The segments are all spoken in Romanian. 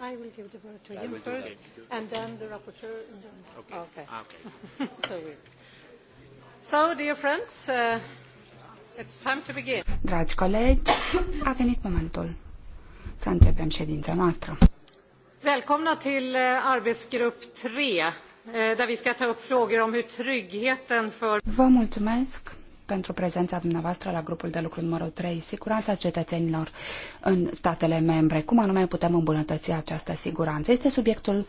I will give the word to him first, and then the rapporteur. And then okay. Oh, okay. Ah, okay. so, so, dear friends, uh, it's time to begin. Dragi colegi, a venit momentul să începem ședința noastră. Välkomna till eh, arbetsgrupp 3, eh, där vi ska ta upp frågor om hur tryggheten för... Vă mulțumesc pentru prezența dumneavoastră la grupul de lucru numărul 3, siguranța cetățenilor în statele membre. Cum anume putem îmbunătăți această siguranță? Este subiectul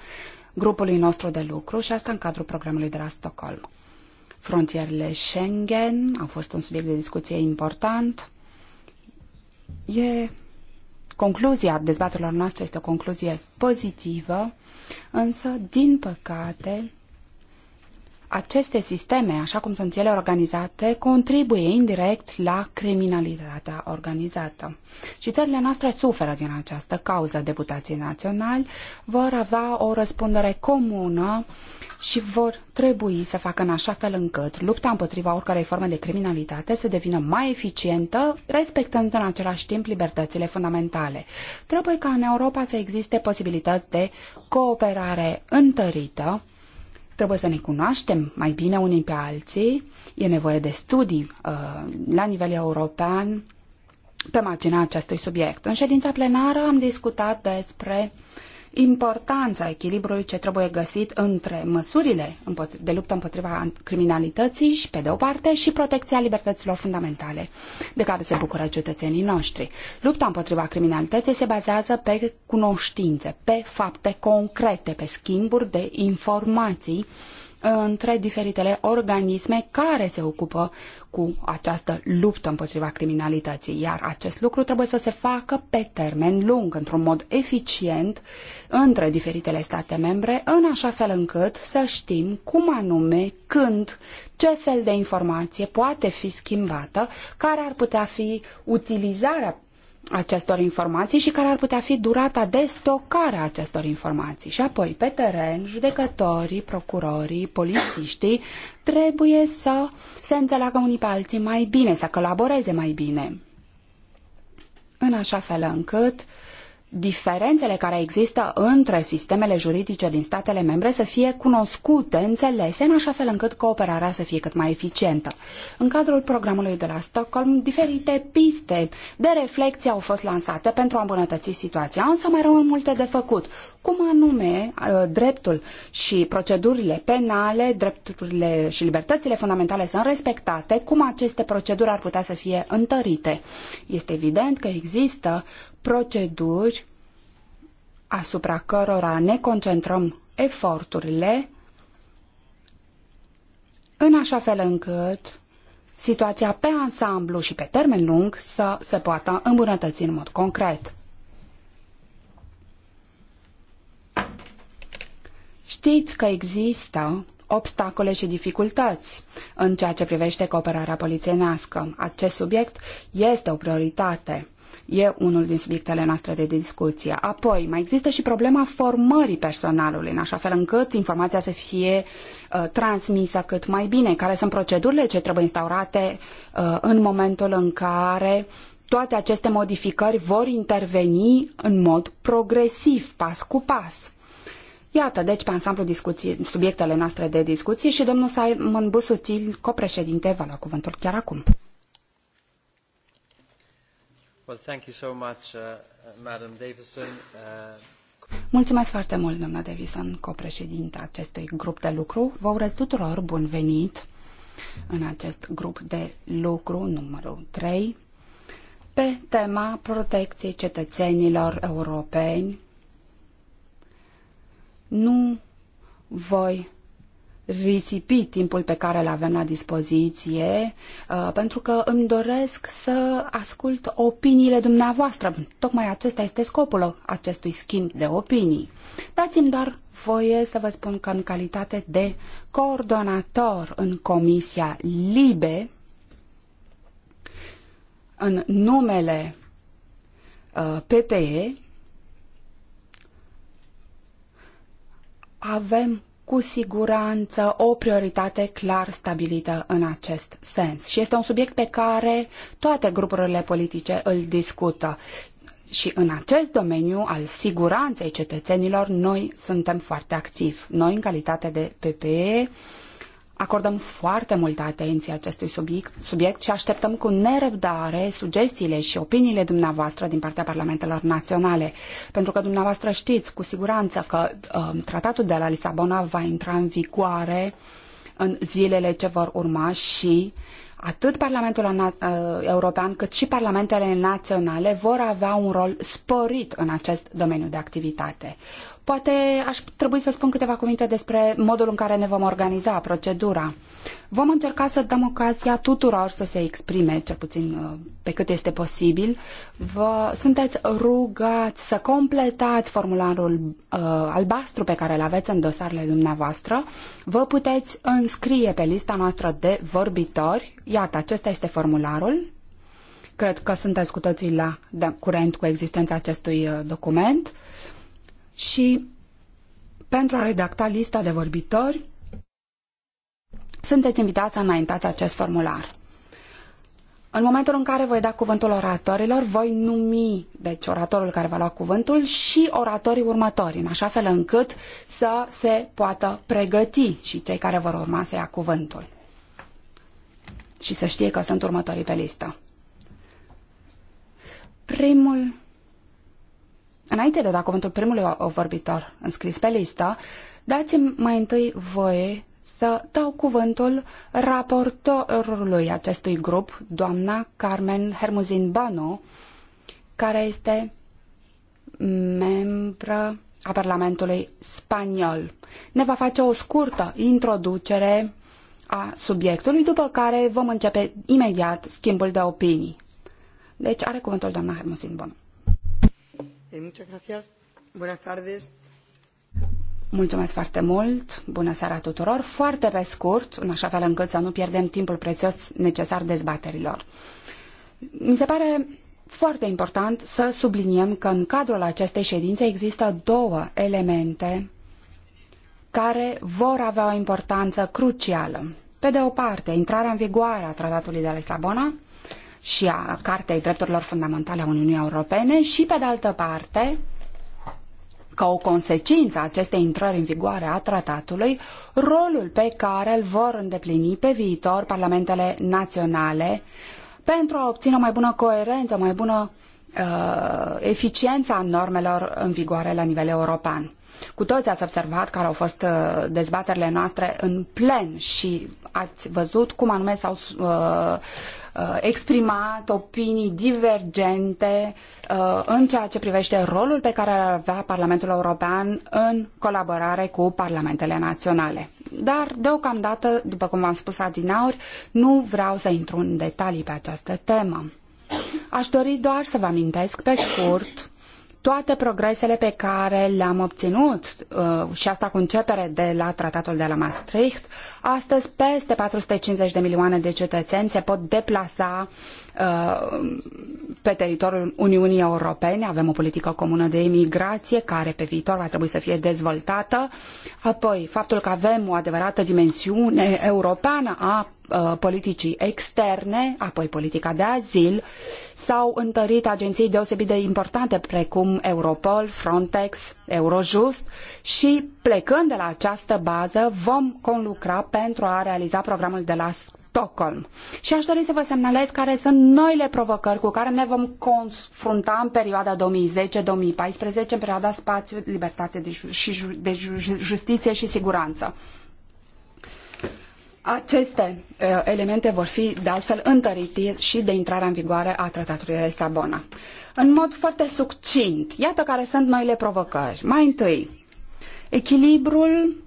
grupului nostru de lucru și asta în cadrul programului de la Stockholm. Frontierele Schengen au fost un subiect de discuție important. E concluzia dezbaterilor noastre este o concluzie pozitivă, însă, din păcate, aceste sisteme, așa cum sunt ele organizate, contribuie indirect la criminalitatea organizată. Și țările noastre suferă din această cauză. Deputații naționali vor avea o răspundere comună și vor trebui să facă în așa fel încât lupta împotriva oricărei forme de criminalitate să devină mai eficientă, respectând în același timp libertățile fundamentale. Trebuie ca în Europa să existe posibilități de cooperare întărită Trebuie să ne cunoaștem mai bine unii pe alții. E nevoie de studii uh, la nivel european pe marginea acestui subiect. În ședința plenară am discutat despre uh, importanța echilibrului ce trebuie găsit între măsurile de luptă împotriva criminalității și, pe de o parte, și protecția libertăților fundamentale de care se bucură cetățenii noștri. Lupta împotriva criminalității se bazează pe cunoștințe, pe fapte concrete, pe schimburi de informații între diferitele organisme care se ocupă cu această luptă împotriva criminalității, iar acest lucru trebuie să se facă pe termen lung, într-un mod eficient, între diferitele state membre, în așa fel încât să știm cum anume, când, ce fel de informație poate fi schimbată, care ar putea fi utilizarea acestor informații și care ar putea fi durata de stocare a acestor informații. Și apoi, pe teren, judecătorii, procurorii, polițiștii trebuie să se înțeleagă unii pe alții mai bine, să colaboreze mai bine. În așa fel încât uh, diferențele care există între sistemele juridice din statele membre să fie cunoscute, înțelese, în așa fel încât cooperarea să fie cât mai eficientă. În cadrul programului de la Stockholm, diferite piste de reflexie au fost lansate pentru a îmbunătăți situația, însă mai rămân multe de făcut. Cum anume uh, dreptul și procedurile penale, drepturile și libertățile fundamentale sunt respectate, cum aceste proceduri ar putea să fie întărite. Este evident că există proceduri asupra cărora ne concentrăm eforturile în așa fel încât situația pe ansamblu și pe termen lung să se poată îmbunătăți în mod concret. Știți că există obstacole și dificultăți în ceea ce privește cooperarea polițienească. Acest subiect este o prioritate e unul din subiectele noastre de discuție. Apoi, mai există și problema formării personalului, în așa fel încât informația să fie uh, transmisă cât mai bine, care sunt procedurile ce trebuie instaurate uh, în momentul în care toate aceste modificări vor interveni în mod progresiv, pas cu pas. Iată, deci, pe ansamblu discuții, subiectele noastre de discuție și domnul Simon Busutil, copreședinte, va lua cuvântul chiar acum. Well, thank you so much, uh, uh, Madam Davison. Uh... Mulțumesc foarte mult, doamna Davison, copreședinta acestui grup de lucru. Vă urez tuturor bun venit în acest grup de lucru numărul 3 pe tema protecției cetățenilor europeni. Nu voi risipi timpul pe care îl avem la dispoziție, uh, pentru că îmi doresc să ascult opiniile dumneavoastră. Tocmai acesta este scopul acestui schimb de opinii. Dați-mi doar voie să vă spun că în calitate de coordonator în Comisia LIBE, în numele uh, PPE, avem cu siguranță o prioritate clar stabilită în acest sens. Și este un subiect pe care toate grupurile politice îl discută. Și în acest domeniu al siguranței cetățenilor, noi suntem foarte activi. Noi, în calitate de PPE, uh, Acordăm foarte multă atenție acestui subiect, subiect și așteptăm cu nerăbdare sugestiile și opiniile dumneavoastră din partea parlamentelor naționale, pentru că dumneavoastră știți cu siguranță că um, tratatul de la Lisabona va intra în vigoare în zilele ce vor urma și atât Parlamentul uh, European cât și parlamentele naționale vor avea un rol sporit în acest domeniu de activitate. Poate aș trebui să spun câteva cuvinte despre modul în care ne vom organiza procedura. Vom încerca să dăm ocazia tuturor să se exprime, cel puțin uh, pe cât este posibil. Vă, sunteți rugați să completați formularul uh, albastru pe care îl aveți în dosarele dumneavoastră. Vă puteți înscrie pe lista noastră de vorbitori. Iată, acesta este formularul. Cred că sunteți cu toții la da, curent cu existența acestui uh, document. Uh, și pentru a redacta lista de vorbitori, sunteți invitați să înaintați acest formular. În momentul în care voi da cuvântul oratorilor, voi numi, deci, oratorul care va lua cuvântul și oratorii următori, în așa fel încât să se poată pregăti și cei care vor urma să ia cuvântul. Și să știe că sunt următorii pe listă. Primul Înainte de a da cuvântul primului vorbitor înscris pe listă, dați-mi mai întâi voie să dau cuvântul raportorului acestui grup, doamna Carmen Hermuzin Bano, care este membră a Parlamentului Spaniol. Ne va face o scurtă introducere a subiectului, după care vom începe imediat schimbul de opinii. Deci are cuvântul doamna Hermosin Bonu. Eh, Mulțumesc foarte mult, bună seara tuturor. Foarte pe scurt, în așa fel încât să nu pierdem timpul prețios necesar dezbaterilor. Mi se pare foarte important să subliniem că în cadrul acestei ședințe există două elemente care vor avea o importanță crucială. Pe de o parte, intrarea în vigoare a Tratatului de la Lisabona și a Cartei Drepturilor Fundamentale a Uniunii Europene și, pe de altă parte, ca o consecință a acestei intrări în vigoare a tratatului, rolul pe care îl vor îndeplini pe viitor parlamentele naționale pentru a obține o mai bună coerență, o mai bună uh, eficiența normelor în vigoare la nivel european. Cu toți ați observat care au fost uh, dezbaterile noastre în plen și ați văzut cum anume s-au uh, uh, exprimat opinii divergente uh, în ceea ce privește rolul pe care îl avea Parlamentul European în colaborare cu parlamentele naționale. Dar, deocamdată, după cum v-am spus adinauri, nu vreau să intru în detalii pe această temă. Aș dori doar să vă amintesc pe scurt toate progresele pe care le-am obținut, uh, și asta cu începere de la tratatul de la Maastricht, astăzi peste 450 de milioane de cetățeni se pot deplasa Uh, pe teritoriul Uniunii Europene. Avem o politică comună de emigrație care pe viitor va trebui să fie dezvoltată. Apoi, faptul că avem o adevărată dimensiune europeană a uh, politicii externe, apoi politica de azil, s-au întărit agenții deosebit de importante precum Europol, Frontex, Eurojust și plecând de la această bază vom conlucra pentru a realiza programul de la Stockholm. Și aș dori să vă semnalez care sunt noile provocări cu care ne vom confrunta în perioada 2010-2014, în perioada spațiu, libertate de, ju- și ju- de ju- justiție și siguranță. Aceste uh, elemente vor fi, de altfel, întărite și de intrarea în vigoare a Tratatului de Lisabona. În mod foarte succint, iată care sunt noile provocări. Mai întâi, echilibrul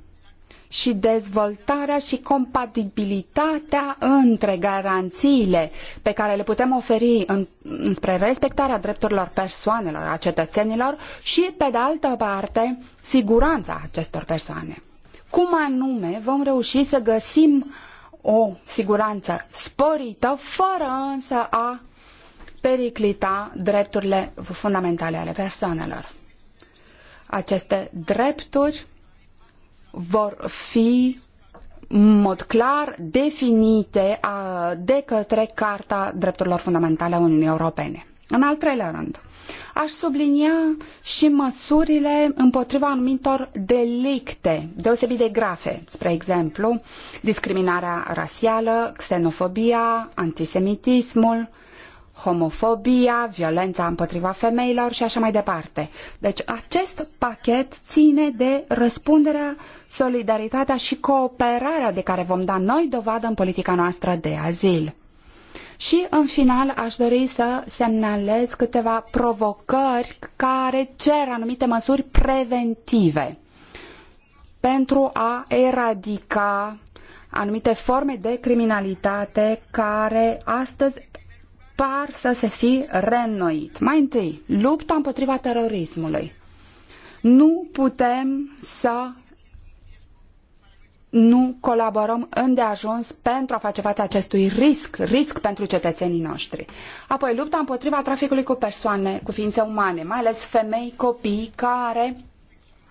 și dezvoltarea și compatibilitatea între garanțiile pe care le putem oferi în, înspre respectarea drepturilor persoanelor, a cetățenilor și, pe de altă parte, siguranța acestor persoane. Cum anume vom reuși să găsim o siguranță sporită, fără însă a periclita drepturile fundamentale ale persoanelor. Aceste drepturi vor fi în mod clar definite de către Carta Drepturilor Fundamentale a Uniunii Europene. În al treilea rând, aș sublinia și măsurile împotriva anumitor delicte deosebit de grave, spre exemplu, discriminarea rasială, xenofobia, antisemitismul, homofobia, violența împotriva femeilor și așa mai departe. Deci acest pachet ține de răspunderea, solidaritatea și cooperarea de care vom da noi dovadă în politica noastră de azil. Și în final aș dori să semnalez câteva provocări care cer anumite măsuri preventive pentru a eradica anumite forme de criminalitate care astăzi par să se fi reînnoit. Mai întâi, lupta împotriva terorismului. Nu putem să nu colaborăm îndeajuns pentru a face față acestui risc, risc pentru cetățenii noștri. Apoi, lupta împotriva traficului cu persoane, cu ființe umane, mai ales femei, copii care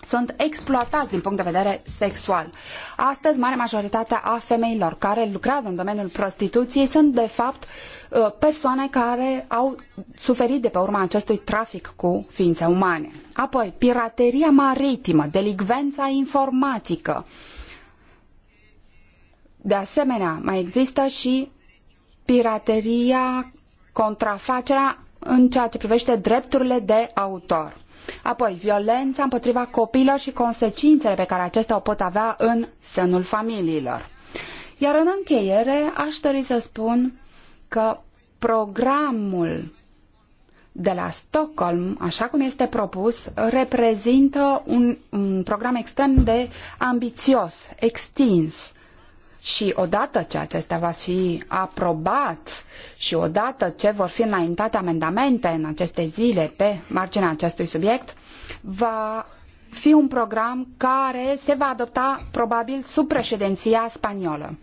sunt exploatați din punct de vedere sexual. Astăzi, mare majoritatea a femeilor care lucrează în domeniul prostituției sunt, de fapt, uh, persoane care au suferit de pe urma acestui trafic cu ființe umane. Apoi, pirateria maritimă, delicvența informatică. De asemenea, mai există și pirateria, contrafacerea în ceea ce privește drepturile de autor. Apoi, violența împotriva copiilor și consecințele pe care acestea o pot avea în sânul familiilor. Iar în încheiere, aș dori să spun că programul de la Stockholm, așa cum este propus, reprezintă un, un program extrem de ambițios, extins și odată ce acesta va fi aprobat și odată ce vor fi înaintate amendamente în aceste zile pe marginea acestui subiect, va fi un program care se va adopta probabil sub președinția spaniolă.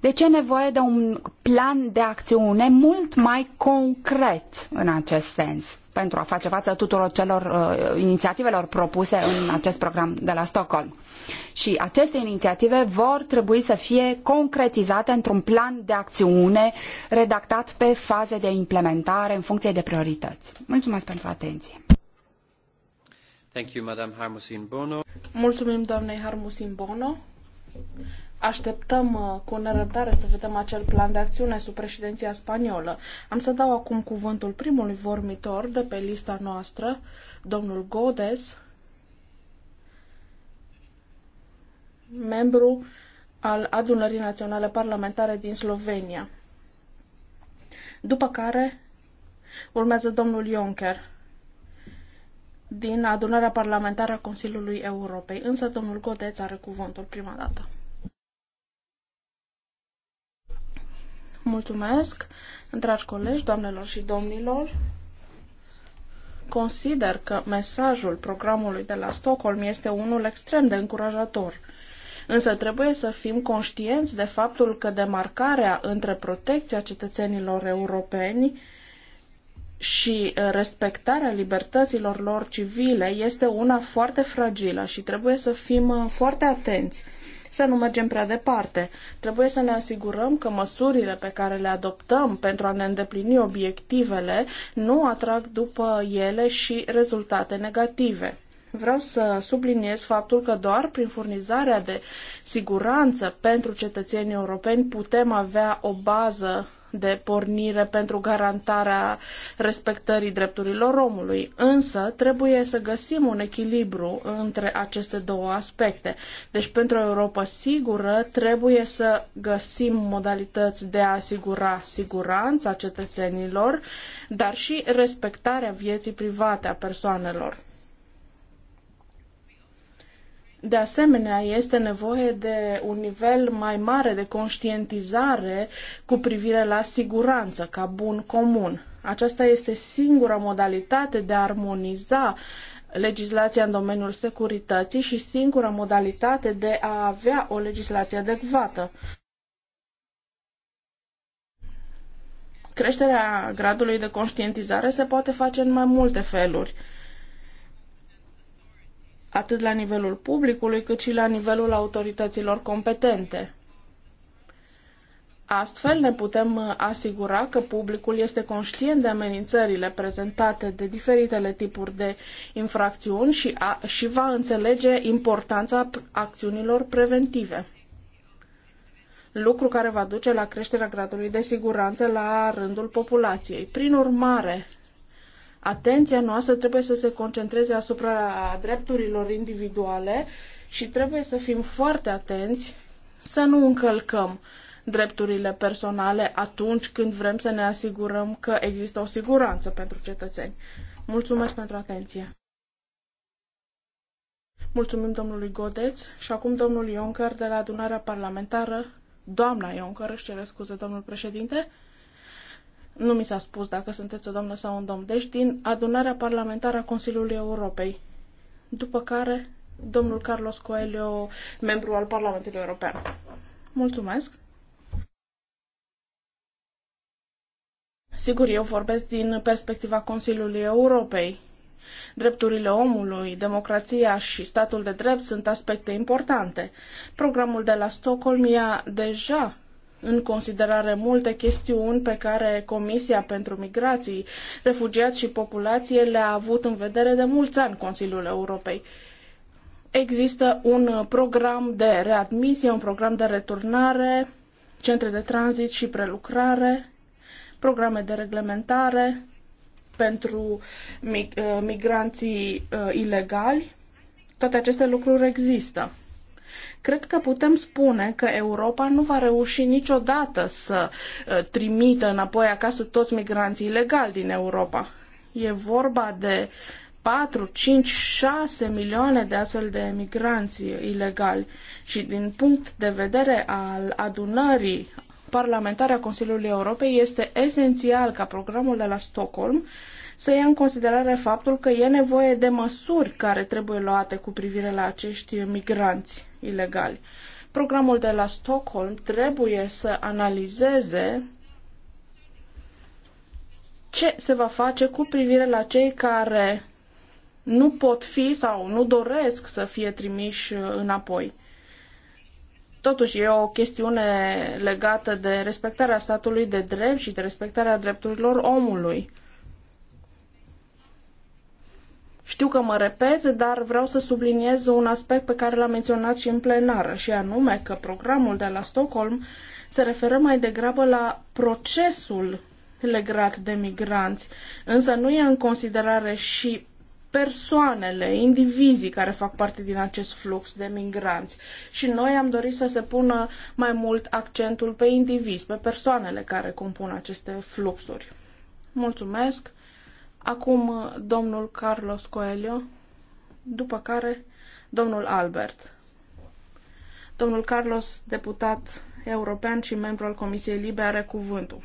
Deci e nevoie de un plan de acțiune mult mai concret în acest sens pentru a face față tuturor celor uh, inițiativelor propuse în acest program de la Stockholm. Și aceste inițiative vor trebui să fie concretizate într-un plan de acțiune redactat pe faze de implementare în funcție de priorități. Mulțumesc pentru atenție. Thank you, Madam Harmusin Bono. Mulțumim doamnei Harmusin Bono. Așteptăm uh, cu nerăbdare să vedem acel plan de acțiune sub președinția spaniolă. Am să dau acum cuvântul primului vormitor de pe lista noastră, domnul Godes, membru al Adunării Naționale Parlamentare din Slovenia. După care urmează domnul Juncker din adunarea parlamentară a Consiliului Europei, însă domnul Godeț are cuvântul prima dată. Mulțumesc, dragi colegi, doamnelor și domnilor. Consider că mesajul programului de la Stockholm este unul extrem de încurajator. Însă trebuie să fim conștienți de faptul că demarcarea între protecția cetățenilor europeni și uh, respectarea libertăților lor civile este una foarte fragilă și trebuie să fim uh, foarte atenți să nu mergem prea departe. Trebuie să ne asigurăm că măsurile pe care le adoptăm pentru a ne îndeplini obiectivele nu atrag după ele și rezultate negative. Vreau să subliniez faptul că doar prin furnizarea de siguranță pentru cetățenii europeni putem avea o bază de pornire pentru garantarea respectării drepturilor omului. Însă, trebuie să găsim un echilibru între aceste două aspecte. Deci, pentru o Europa sigură, trebuie să găsim modalități de a asigura siguranța cetățenilor, dar și respectarea vieții private a persoanelor. De asemenea, este nevoie de un nivel mai mare de conștientizare cu privire la siguranță ca bun comun. Aceasta este singura modalitate de a armoniza legislația în domeniul securității și singura modalitate de a avea o legislație adecvată. Creșterea gradului de conștientizare se poate face în mai multe feluri atât la nivelul publicului cât și la nivelul autorităților competente. Astfel ne putem uh, asigura că publicul este conștient de amenințările prezentate de diferitele tipuri de infracțiuni și, a, și va înțelege importanța acțiunilor preventive. Lucru care va duce la creșterea gradului de siguranță la rândul populației. Prin urmare, Atenția noastră trebuie să se concentreze asupra drepturilor individuale și trebuie să fim foarte atenți să nu încălcăm drepturile personale atunci când vrem să ne asigurăm că există o siguranță pentru cetățeni. Mulțumesc pentru atenție! Mulțumim domnului Godeț și acum domnul Ioncar de la adunarea parlamentară. Doamna Ioncăr, își cere scuze, domnul președinte. Nu mi s-a spus dacă sunteți o doamnă sau un domn. Deci din adunarea parlamentară a Consiliului Europei. După care domnul Carlos Coelho, membru al Parlamentului European. Mulțumesc! Sigur, eu vorbesc din perspectiva Consiliului Europei. Drepturile omului, democrația și statul de drept sunt aspecte importante. Programul de la Stockholm ia deja în considerare multe chestiuni pe care Comisia pentru Migrații, Refugiați și Populație le-a avut în vedere de mulți ani Consiliul Europei există un program de readmisie, un program de returnare, centre de tranzit și prelucrare, programe de reglementare pentru mig- eh, migranții uh, ilegali. Toate aceste lucruri există. Cred că putem spune că Europa nu va reuși niciodată să uh, trimită înapoi acasă toți migranții ilegali din Europa. E vorba de 4, 5, 6 milioane de astfel de emigranți ilegali și din punct de vedere al adunării parlamentare a Consiliului Europei este esențial ca programul de la Stockholm să ia în considerare faptul că e nevoie de măsuri care trebuie luate cu privire la acești migranți ilegali. Programul de la Stockholm trebuie să analizeze ce se va face cu privire la cei care nu pot fi sau nu doresc să fie trimiși înapoi. Totuși, e o chestiune legată de respectarea statului de drept și de respectarea drepturilor omului. Știu că mă repet, dar vreau să subliniez un aspect pe care l-am menționat și în plenară, și anume că programul de la Stockholm se referă mai degrabă la procesul legat de migranți, însă nu ia în considerare și persoanele, indivizii care fac parte din acest flux de migranți. Și noi am dorit să se pună mai mult accentul pe indivizi, pe persoanele care compun aceste fluxuri. Mulțumesc! Acum domnul Carlos Coelho, după care domnul Albert. Domnul Carlos, deputat european și membru al Comisiei Libe, are cuvântul.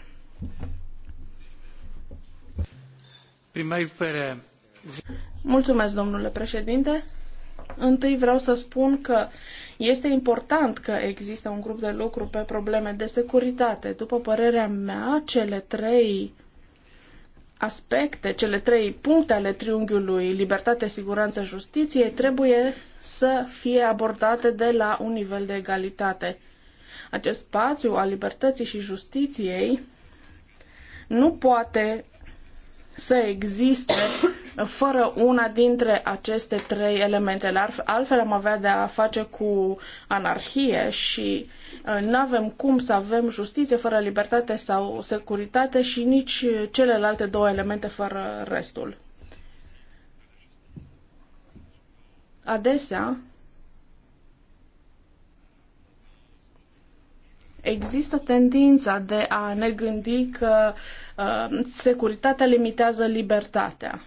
Mulțumesc, domnule președinte. Întâi vreau să spun că este important că există un grup de lucru pe probleme de securitate. După părerea mea, cele trei aspecte, cele trei puncte ale triunghiului libertate, siguranță, justiție trebuie să fie abordate de la un nivel de egalitate. Acest spațiu al libertății și justiției nu poate să existe fără una dintre aceste trei elemente. Altfel am avea de a face cu anarhie și uh, nu avem cum să avem justiție fără libertate sau securitate și nici celelalte două elemente fără restul. Adesea, există tendința de a ne gândi că uh, securitatea limitează libertatea.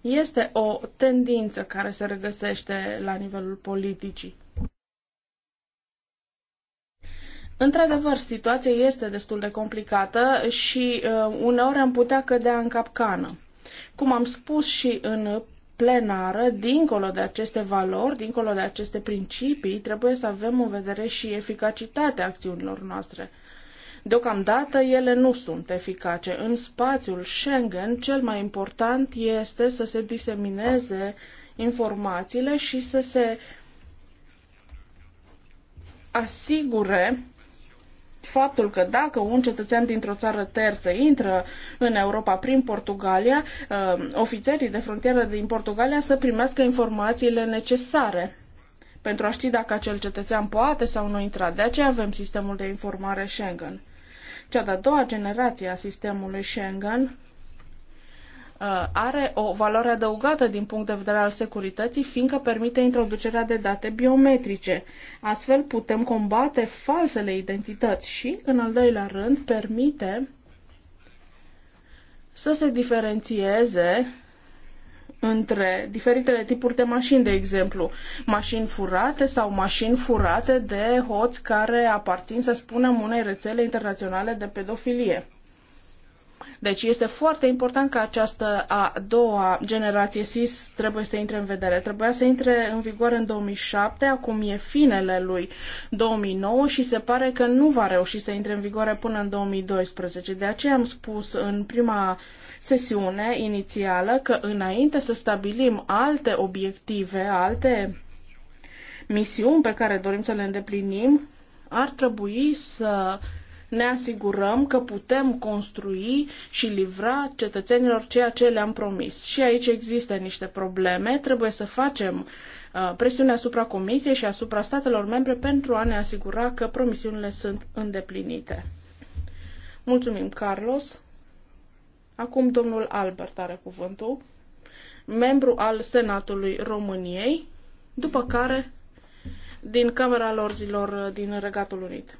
Este o tendință care se regăsește la nivelul politicii. Într-adevăr, situația este destul de complicată și uh, uneori am putea cădea în capcană. Cum am spus și în plenară, dincolo de aceste valori, dincolo de aceste principii, trebuie să avem în vedere și eficacitatea acțiunilor noastre. Deocamdată ele nu sunt eficace. În spațiul Schengen, cel mai important este să se disemineze informațiile și să se asigure faptul că dacă un cetățean dintr-o țară terță intră în Europa prin Portugalia, uh, ofițerii de frontieră din Portugalia să primească informațiile necesare pentru a ști dacă acel cetățean poate sau nu intra. De aceea avem sistemul de informare Schengen. Cea de-a doua generație a sistemului Schengen uh, are o valoare adăugată din punct de vedere al securității, fiindcă permite introducerea de date biometrice. Astfel putem combate falsele identități și, în al doilea rând, permite să se diferențieze între diferitele tipuri de mașini, de exemplu, mașini furate sau mașini furate de hoți care aparțin, să spunem, unei rețele internaționale de pedofilie. Deci este foarte important ca această a doua generație SIS trebuie să intre în vedere. Trebuia să intre în vigoare în 2007, acum e finele lui 2009 și se pare că nu va reuși să intre în vigoare până în 2012. De aceea am spus în prima sesiune inițială că înainte să stabilim alte obiective, alte misiuni pe care dorim să le îndeplinim, ar trebui să ne asigurăm că putem construi și livra cetățenilor ceea ce le-am promis. Și aici există niște probleme, trebuie să facem uh, presiune asupra Comisiei și asupra statelor membre pentru a ne asigura că promisiunile sunt îndeplinite. Mulțumim, Carlos. Acum domnul Albert are cuvântul, membru al Senatului României, după care din Camera Lorzilor uh, din Regatul Unit.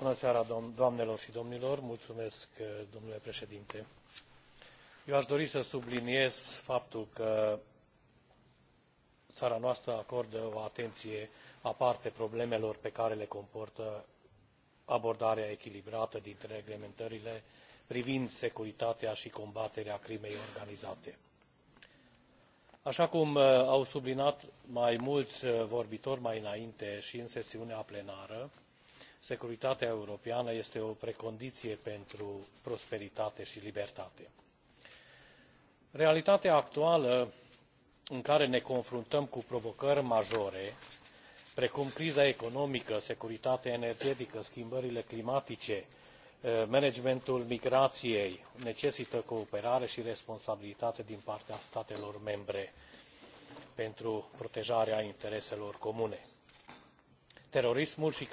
Bună seara, și domnilor. Mulțumesc, eh, domnule președinte. Eu a dori să subliniez faptul că țara noastră acordă o atenție aparte problemelor pe care le comportă abordarea echilibrată dintre reglementările privind securitatea și combaterea crimei organizate. Așa cum eh, au subliniat mai mulți eh, vorbitori mai înainte și în sesiunea plenară, securitatea europeană este o precondiție pentru prosperitate și libertate. realitatea actuală în care ne confruntăm cu provocări majore precum criza economică securitatea energetică schimbările climatice eh, managementul migrației necesită cooperare și responsabilitate din partea statelor membre pentru protejarea intereselor comune terorismul și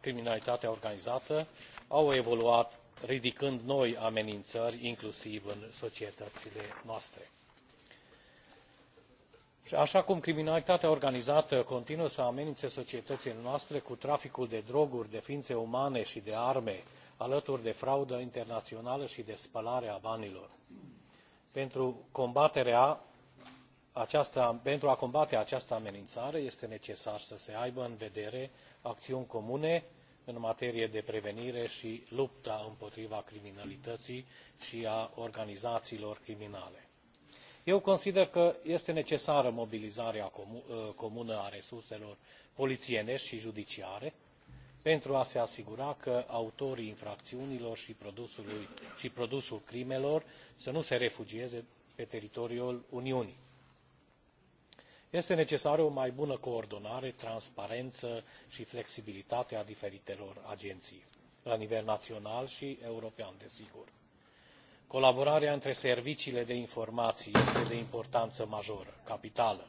criminalitatea, organizată au evoluat ridicând noi amenințări inclusiv în societățile noastre. Și așa cum criminalitatea organizată continuă să amenințe societățile noastre cu traficul de droguri, de ființe umane și de arme, alături de fraudă internațională și de spălare a banilor. Pentru combaterea pentru a combate această amenințare este necesar să se aibă în vedere acțiuni comune în materie de prevenire și luptă împotriva criminalității și a organizațiilor criminale. Eu consider că este necesară mobilizarea uh, comună a resurselor polițienești și judiciare pentru a se asigura că autorii infracțiunilor și, și produsul crimelor să nu se refugieze pe teritoriul Uniunii este necesară o mai bună coordonare transparență și flexibilitate a diferitelor agenții la nivel național și european desigur. colaborarea între serviciile de informații este de importanță majoră capitală.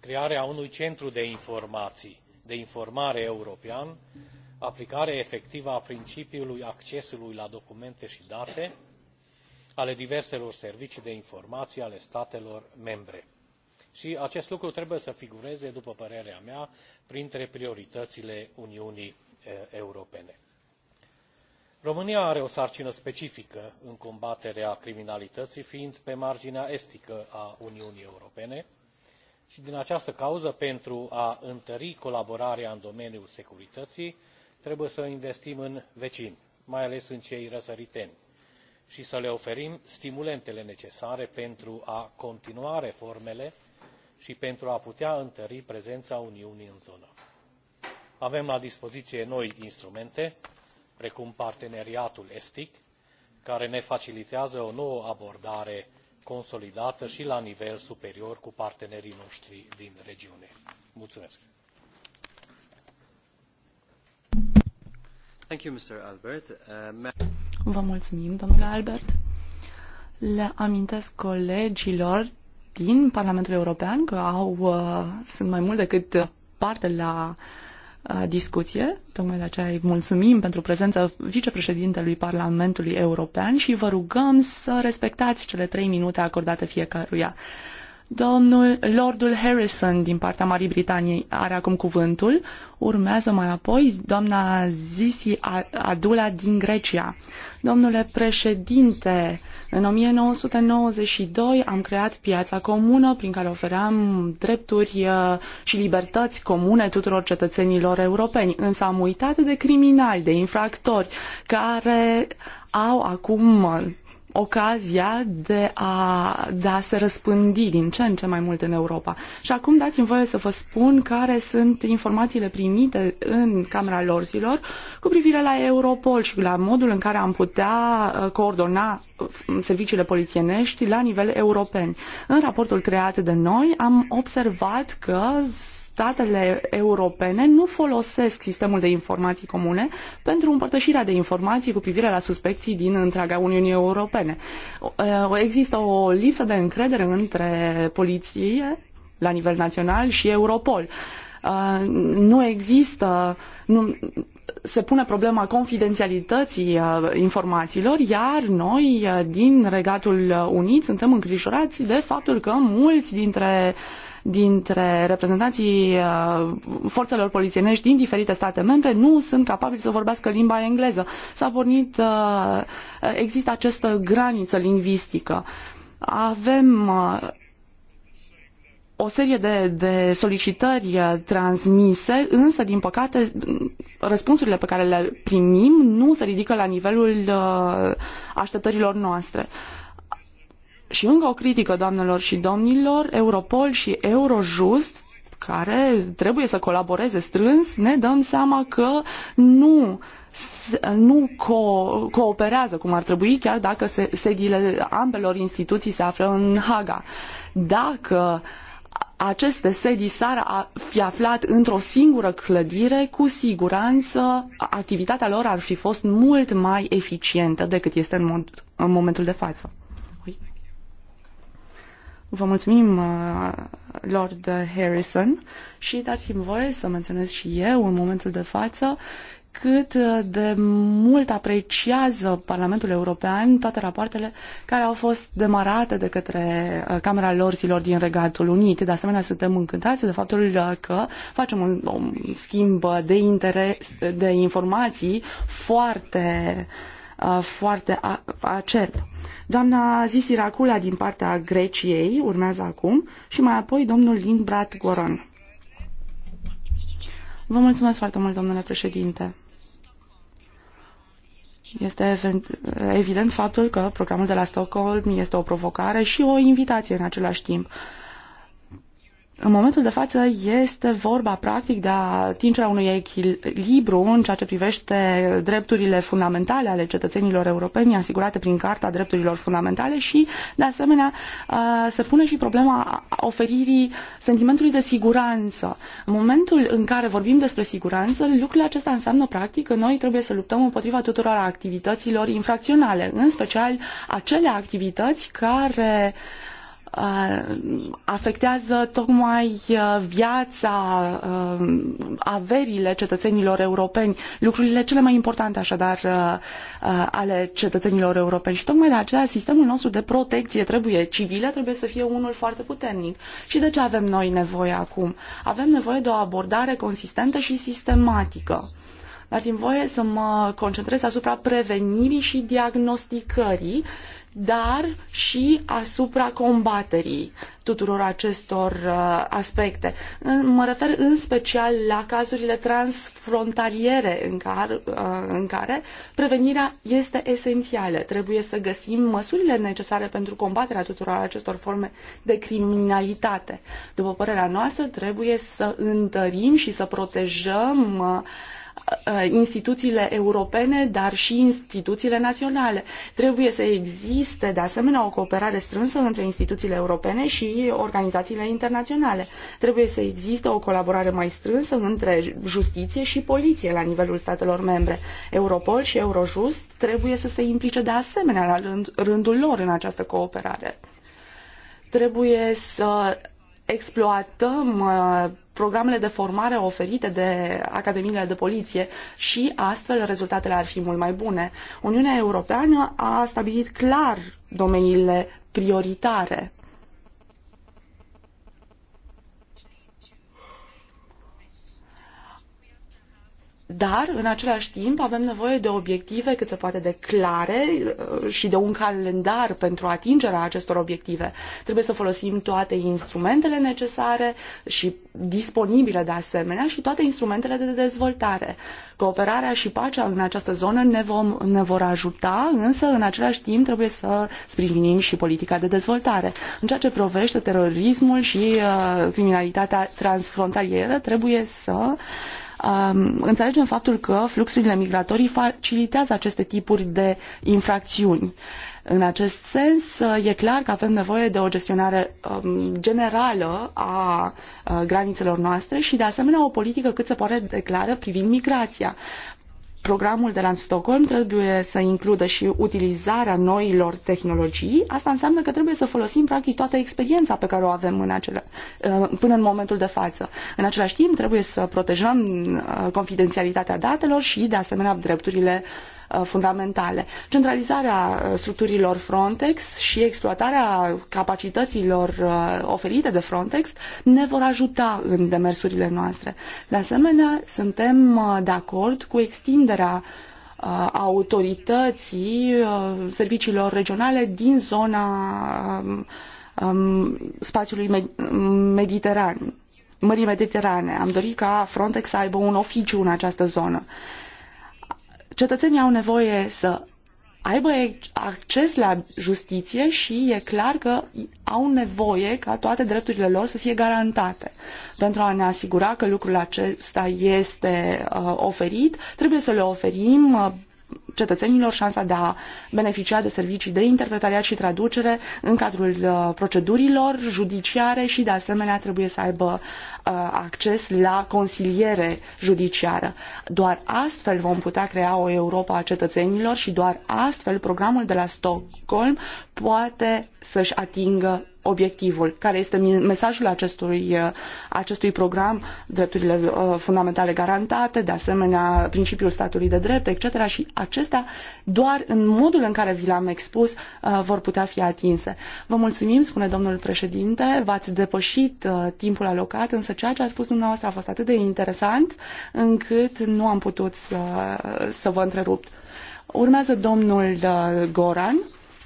crearea unui centru de informații de informare european aplicare efectivă a principiului accesului la documente și date ale diverselor servicii de informații ale statelor membre și acest lucru trebuie să figureze după părerea mea printre prioritățile uniunii europene. românia are o sarcină specifică în combaterea criminalității fiind pe marginea estică a uniunii europene și din această cauză pentru a întări colaborarea în domeniul securității trebuie să investim în vecini mai ales în cei răsăriteni și să le oferim stimulentele necesare pentru a continua reformele și pentru a putea întări prezența uniunii în zonă. avem la dispoziție noi instrumente precum parteneriatul estic care ne facilitează o nouă abordare consolidată și la nivel superior cu partenerii noștri din regiune. mulțumesc. Uh, Vă mulțumim, domnule Albert. Le amintesc colegilor din Parlamentul European, că au, uh, sunt mai mult decât parte la uh, discuție. Tocmai de aceea îi mulțumim pentru prezența vicepreședintelui Parlamentului European și vă rugăm să respectați cele trei minute acordate fiecăruia. Domnul Lordul Harrison din partea Marii Britaniei are acum cuvântul. Urmează mai apoi doamna Zisi Adula din Grecia. Domnule președinte, uh, în 1992 am creat piața comună prin care ofeream drepturi uh, și libertăți comune tuturor cetățenilor europeni, însă am uitat de criminali, de infractori care au acum ocazia de a, de a se răspândi din ce în ce mai mult în Europa. Și acum dați-mi voie să vă spun care sunt informațiile primite în Camera Lorzilor cu privire la Europol și la modul în care am putea uh, coordona uh, serviciile polițienești la nivel european. În raportul creat de noi am observat că statele europene nu folosesc sistemul de informații comune pentru împărtășirea de informații cu privire la suspecții din întreaga Uniunii Europene. Există o lipsă de încredere între poliție la nivel național și Europol. Nu există, nu, se pune problema confidențialității informațiilor, iar noi din Regatul Unit suntem îngrijorați de faptul că mulți dintre uh, dintre reprezentanții uh, forțelor polițienești din diferite state membre nu sunt capabili să vorbească limba engleză. S-a pornit, uh, există această graniță lingvistică. Avem uh, o serie de, de solicitări transmise, însă, din păcate, răspunsurile pe care le primim nu se ridică la nivelul așteptărilor noastre. Uh, și încă o critică, doamnelor și domnilor, Europol și Eurojust care trebuie să colaboreze strâns, ne dăm seama că nu nu co- cooperează cum ar trebui, chiar dacă sediile ambelor instituții se află în Haga. Dacă aceste sedii s-ar fi aflat într-o singură clădire, cu siguranță activitatea lor ar fi fost mult mai eficientă decât este în, mod, în momentul de față. Vă mulțumim, uh, Lord Harrison, și dați-mi voie să menționez și eu, în momentul de față, cât de mult apreciază Parlamentul European toate rapoartele care au fost demarate de către uh, Camera Lorzilor din Regatul Unit. De asemenea, suntem încântați de faptul uh, că facem un, un schimb de, interes, de informații foarte, foarte acerb. Doamna Zisiracula din partea Greciei urmează acum și mai apoi domnul Lindbrat Goron. Vă mulțumesc foarte mult, domnule președinte. Este evident faptul că programul de la Stockholm este o provocare și o invitație în același timp. În momentul de față este vorba practic de atingerea unui echilibru în ceea ce privește drepturile fundamentale ale cetățenilor europeni asigurate prin Carta Drepturilor Fundamentale și, de asemenea, uh, se pune și problema oferirii sentimentului de siguranță. În momentul în care vorbim despre siguranță, lucrul acesta înseamnă practic că noi trebuie să luptăm împotriva tuturor activităților infracționale, în special acele activități care Uh, afectează tocmai uh, viața, uh, averile cetățenilor europeni, lucrurile cele mai importante așadar ale cetățenilor europeni. Și tocmai de aceea sistemul nostru de protecție trebuie civilă, trebuie să fie unul foarte puternic. Și de ce avem noi nevoie acum? Avem nevoie de o abordare consistentă și sistematică. Dați-mi voie să mă concentrez asupra prevenirii și diagnosticării dar și asupra combaterii tuturor acestor uh, aspecte. Mă refer în special la cazurile transfrontaliere în care, uh, în care prevenirea este esențială. Trebuie să găsim măsurile necesare pentru combaterea tuturor acestor forme de criminalitate. După părerea noastră, trebuie să întărim și să protejăm uh, Uh, instituțiile europene, dar și instituțiile naționale. Trebuie să existe, de asemenea, o cooperare strânsă între instituțiile europene și organizațiile internaționale. Trebuie să existe o colaborare mai strânsă între justiție și poliție la nivelul statelor membre. Europol și Eurojust trebuie să se implice de asemenea la rând, rândul lor în această cooperare. Trebuie să exploatăm uh, programele de formare oferite de Academiile de Poliție și astfel rezultatele ar fi mult mai bune. Uniunea Europeană a stabilit clar domeniile prioritare Dar, în același timp, avem nevoie de obiective cât se poate de clare uh, și de un calendar pentru atingerea acestor obiective. Trebuie să folosim toate instrumentele necesare și disponibile de asemenea și toate instrumentele de dezvoltare. Cooperarea și pacea în această zonă ne, vom, ne vor ajuta, însă, în același timp, trebuie să sprijinim și politica de dezvoltare. În ceea ce provește terorismul și uh, criminalitatea transfrontalieră, trebuie să uh, înțelegem faptul că fluxurile migratorii facilitează aceste tipuri de infracțiuni. În acest sens, uh, e clar că avem nevoie de o gestionare um, generală a uh, granițelor noastre și, de asemenea, o politică cât se poate de clară privind migrația programul de la Stockholm trebuie să includă și utilizarea noilor tehnologii, asta înseamnă că trebuie să folosim practic toată experiența pe care o avem în acele, uh, până în momentul de față. În același timp trebuie să protejăm uh, confidențialitatea datelor și de asemenea drepturile uh, Uh, fundamentale. Centralizarea uh, structurilor Frontex și exploatarea capacităților uh, oferite de Frontex ne vor ajuta în demersurile noastre. De asemenea, suntem de acord cu extinderea autorității serviciilor regionale din zona um, um, spațiului mediteran, Mării Mediterane. Am dorit ca Frontex să aibă un oficiu în această zonă. Cetățenii au nevoie să aibă acces la justiție și e clar că au nevoie ca toate drepturile lor să fie garantate. Pentru a ne asigura că lucrul acesta este uh, oferit, trebuie să le oferim uh, cetățenilor șansa de a beneficia de servicii de interpretariat și traducere în cadrul uh, procedurilor judiciare și de asemenea trebuie să aibă uh, acces la consiliere judiciară. Doar astfel vom putea crea o Europa a cetățenilor și doar astfel programul de la Stockholm poate să-și atingă obiectivul, care este mesajul acestui, uh, acestui program, drepturile fundamentale garantate, de asemenea principiul statului de drept, etc. Și acest acestea doar în modul în care vi l-am expus uh, vor putea fi atinse. Vă mulțumim, spune domnul președinte, v-ați depășit uh, timpul alocat, însă ceea ce a spus dumneavoastră a fost atât de interesant încât nu am putut să, să vă întrerupt. Urmează domnul uh, Goran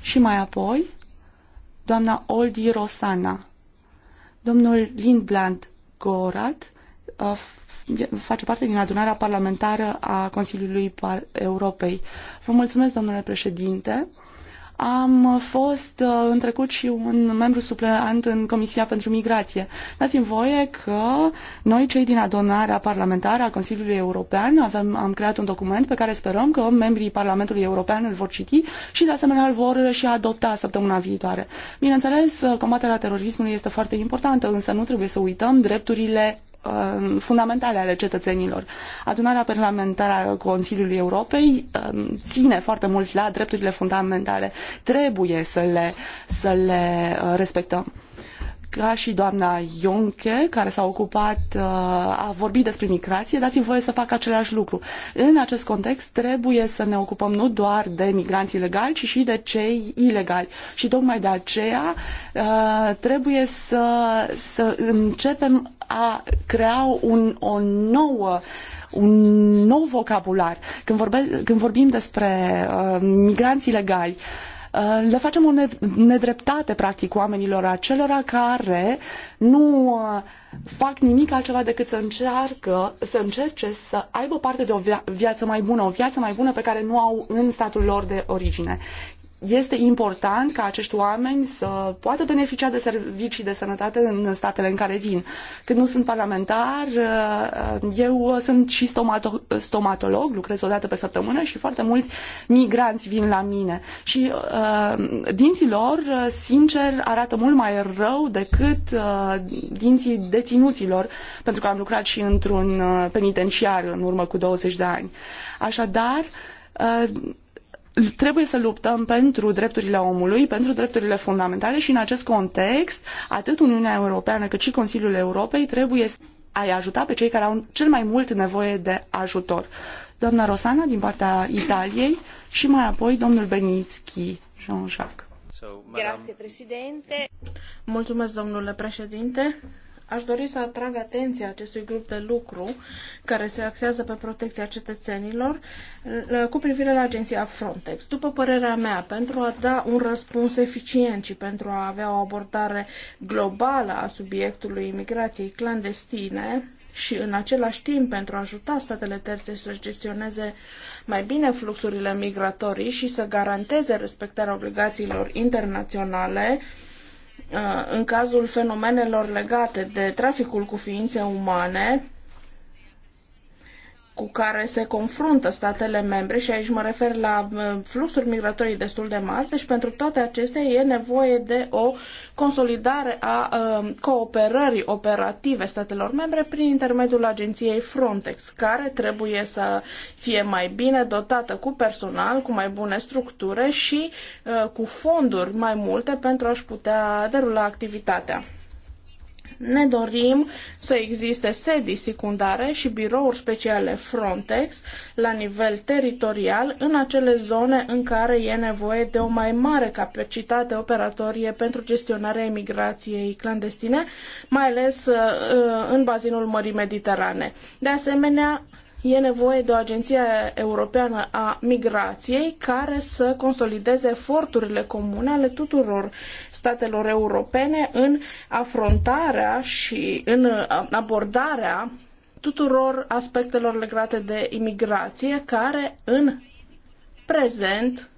și mai apoi doamna Oldi Rosana, domnul Lindblad Gorat, face parte din adunarea parlamentară a Consiliului Europei. Vă mulțumesc, domnule președinte. Am fost uh, în trecut și un membru supleant în Comisia pentru Migrație. Dați-mi voie că noi, cei din adunarea parlamentară a Consiliului European, avem, am creat un document pe care sperăm că membrii Parlamentului European îl vor citi și, de asemenea, îl vor și adopta săptămâna viitoare. Bineînțeles, combaterea terorismului este foarte importantă, însă nu trebuie să uităm drepturile Um, fundamentale ale cetățenilor. Adunarea parlamentară a Consiliului Europei um, ține foarte mult la drepturile fundamentale. Trebuie să le, să le uh, respectăm ca și doamna Ionche, care s-a ocupat, uh, a vorbit despre migrație, dați-mi voie să fac același lucru. În acest context trebuie să ne ocupăm nu doar de migranți ilegali, ci și de cei ilegali. Și tocmai de aceea uh, trebuie să, să începem a crea un, o nouă un nou vocabular. Când, vorbe, când vorbim despre uh, migranți ilegali, uh, Uh, le facem o nedreptate, practic, oamenilor acelora care nu uh, fac nimic altceva decât să, încearcă, să încerce să aibă parte de o viață mai bună, o viață mai bună pe care nu au în statul lor de origine este important ca acești oameni să poată beneficia de servicii de sănătate în statele în care vin. Când nu sunt parlamentar, uh, eu sunt și stomato- stomatolog, lucrez o dată pe săptămână și foarte mulți migranți vin la mine. Și uh, dinții lor, sincer, arată mult mai rău decât uh, dinții deținuților, pentru că am lucrat și într-un penitenciar în urmă cu 20 de ani. Așadar, trebuie să luptăm pentru drepturile omului, pentru drepturile fundamentale și în acest context, atât Uniunea Europeană cât și Consiliul Europei trebuie să ai ajuta pe cei care au cel mai mult nevoie de ajutor. Doamna Rosana din partea Italiei și mai apoi domnul Benitski, Jean-Jacques. So, Grazie, Mulțumesc, domnule președinte. Aș dori să atrag atenția acestui grup de lucru care se axează pe protecția cetățenilor cu privire la agenția Frontex. După părerea mea, pentru a da un răspuns eficient și pentru a avea o abordare globală a subiectului imigrației clandestine, și în același timp pentru a ajuta statele terțe să gestioneze mai bine fluxurile migratorii și să garanteze respectarea obligațiilor internaționale, uh, în cazul fenomenelor legate de traficul cu ființe umane, cu care se confruntă statele membre și aici mă refer la uh, fluxuri migratorii destul de mari, deci pentru toate acestea e nevoie de o consolidare a um, cooperării operative statelor membre prin intermediul agenției Frontex, care trebuie să fie mai bine dotată cu personal, cu mai bune structure și uh, cu fonduri mai multe pentru a-și putea derula activitatea. Ne dorim să existe sedii secundare și birouri speciale Frontex la nivel teritorial în acele zone în care e nevoie de o mai mare capacitate operatorie pentru gestionarea emigrației clandestine, mai ales uh, în bazinul Mării Mediterane. De asemenea, e nevoie de o agenție europeană a migrației care să consolideze eforturile comune ale tuturor statelor europene în afrontarea și în abordarea tuturor aspectelor legate de imigrație care în prezent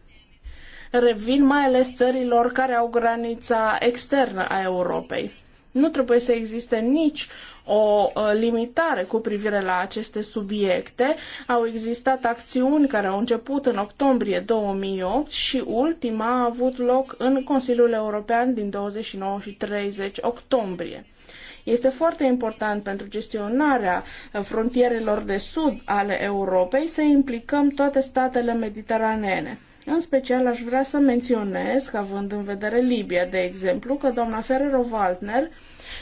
revin mai ales țărilor care au granița externă a Europei. Nu trebuie să existe nici o limitare cu privire la aceste subiecte. Au existat acțiuni care au început în octombrie 2008 și ultima a avut loc în Consiliul European din 29 și 30 octombrie este foarte important pentru gestionarea frontierelor de sud ale Europei să implicăm toate statele mediteraneene. În special aș vrea să menționez, având în vedere Libia, de exemplu, că doamna Ferrero-Waldner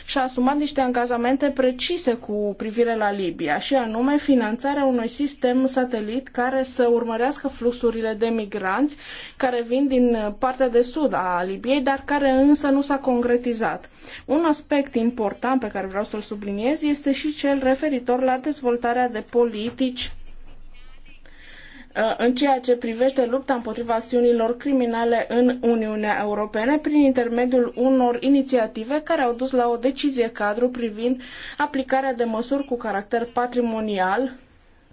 și-a asumat niște angajamente precise cu privire la Libia, și anume finanțarea unui sistem satelit care să urmărească fluxurile de migranți care vin din partea de sud a Libiei, dar care însă nu s-a concretizat. Un aspect important pe care vreau să-l subliniez este și cel referitor la dezvoltarea de politici Uh, în ceea ce privește lupta împotriva acțiunilor criminale în Uniunea Europeană prin intermediul unor inițiative care au dus la o decizie cadru privind aplicarea de măsuri cu caracter patrimonial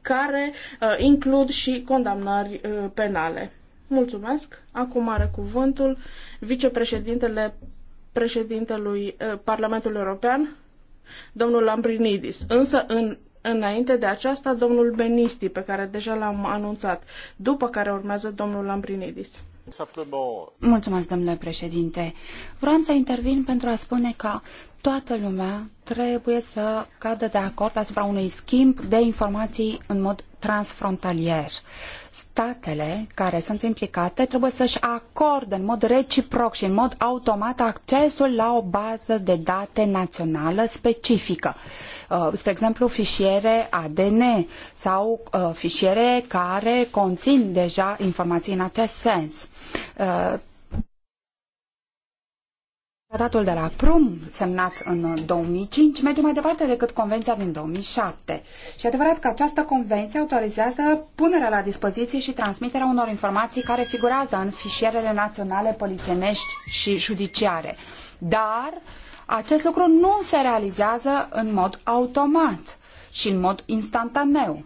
care uh, includ și condamnări uh, penale. Mulțumesc. Acum are cuvântul vicepreședintele președintelui Parlamentului European, domnul Lambrinidis. Însă, în Înainte de aceasta, domnul Benisti, pe care deja l-am anunțat, după care urmează domnul Lambrinidis. Mulțumesc, domnule președinte. Vreau să intervin pentru a spune că toată lumea trebuie să cadă de acord asupra unui schimb de informații în mod transfrontalier. Statele care sunt implicate trebuie să-și acorde în mod reciproc și în mod automat accesul la o bază de date națională specifică. Uh, spre exemplu, fișiere ADN sau uh, fișiere care conțin deja informații în acest sens. Uh, Tratatul de la Prum, semnat în 2005, merge mai departe decât Convenția din 2007. Și adevărat că această convenție autorizează punerea la dispoziție și transmiterea unor informații care figurează în fișierele naționale polițienești și judiciare. Dar acest lucru nu se realizează în mod automat și în mod instantaneu.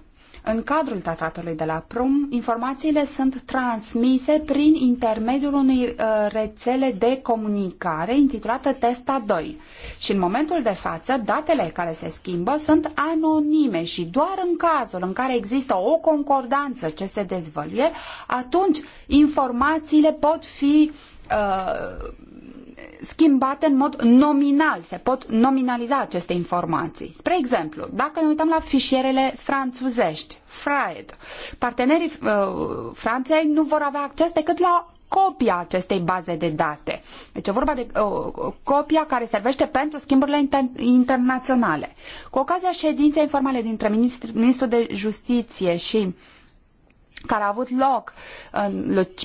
În cadrul tratatului de la Prum, informațiile sunt transmise prin intermediul unei uh, rețele de comunicare intitulată Testa 2. Și în momentul de față, datele care se schimbă sunt anonime și doar în cazul în care există o concordanță ce se dezvăluie, atunci informațiile pot fi uh, schimbate în mod nominal, se pot nominaliza aceste informații. Spre exemplu, dacă ne uităm la fișierele franțuzești, FRAED, partenerii uh, Franței nu vor avea acces decât la copia acestei baze de date. Deci e vorba de uh, copia care servește pentru schimburile inter- internaționale. Cu ocazia ședinței informale dintre ministrul de justiție și uh, care a avut loc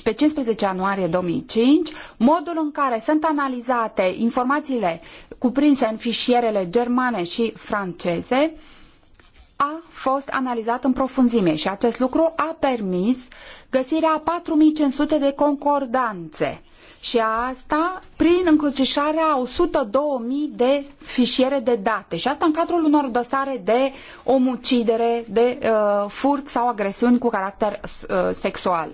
pe 15 ianuarie 2005, modul în care sunt analizate informațiile cuprinse în fișierele germane și franceze, a fost analizat în profunzime și acest lucru a permis găsirea 4500 de concordanțe și asta prin încrucișarea a 102.000 de fișiere de date și asta în cadrul unor dosare de omucidere, de uh, furt sau agresiuni cu caracter uh, sexual.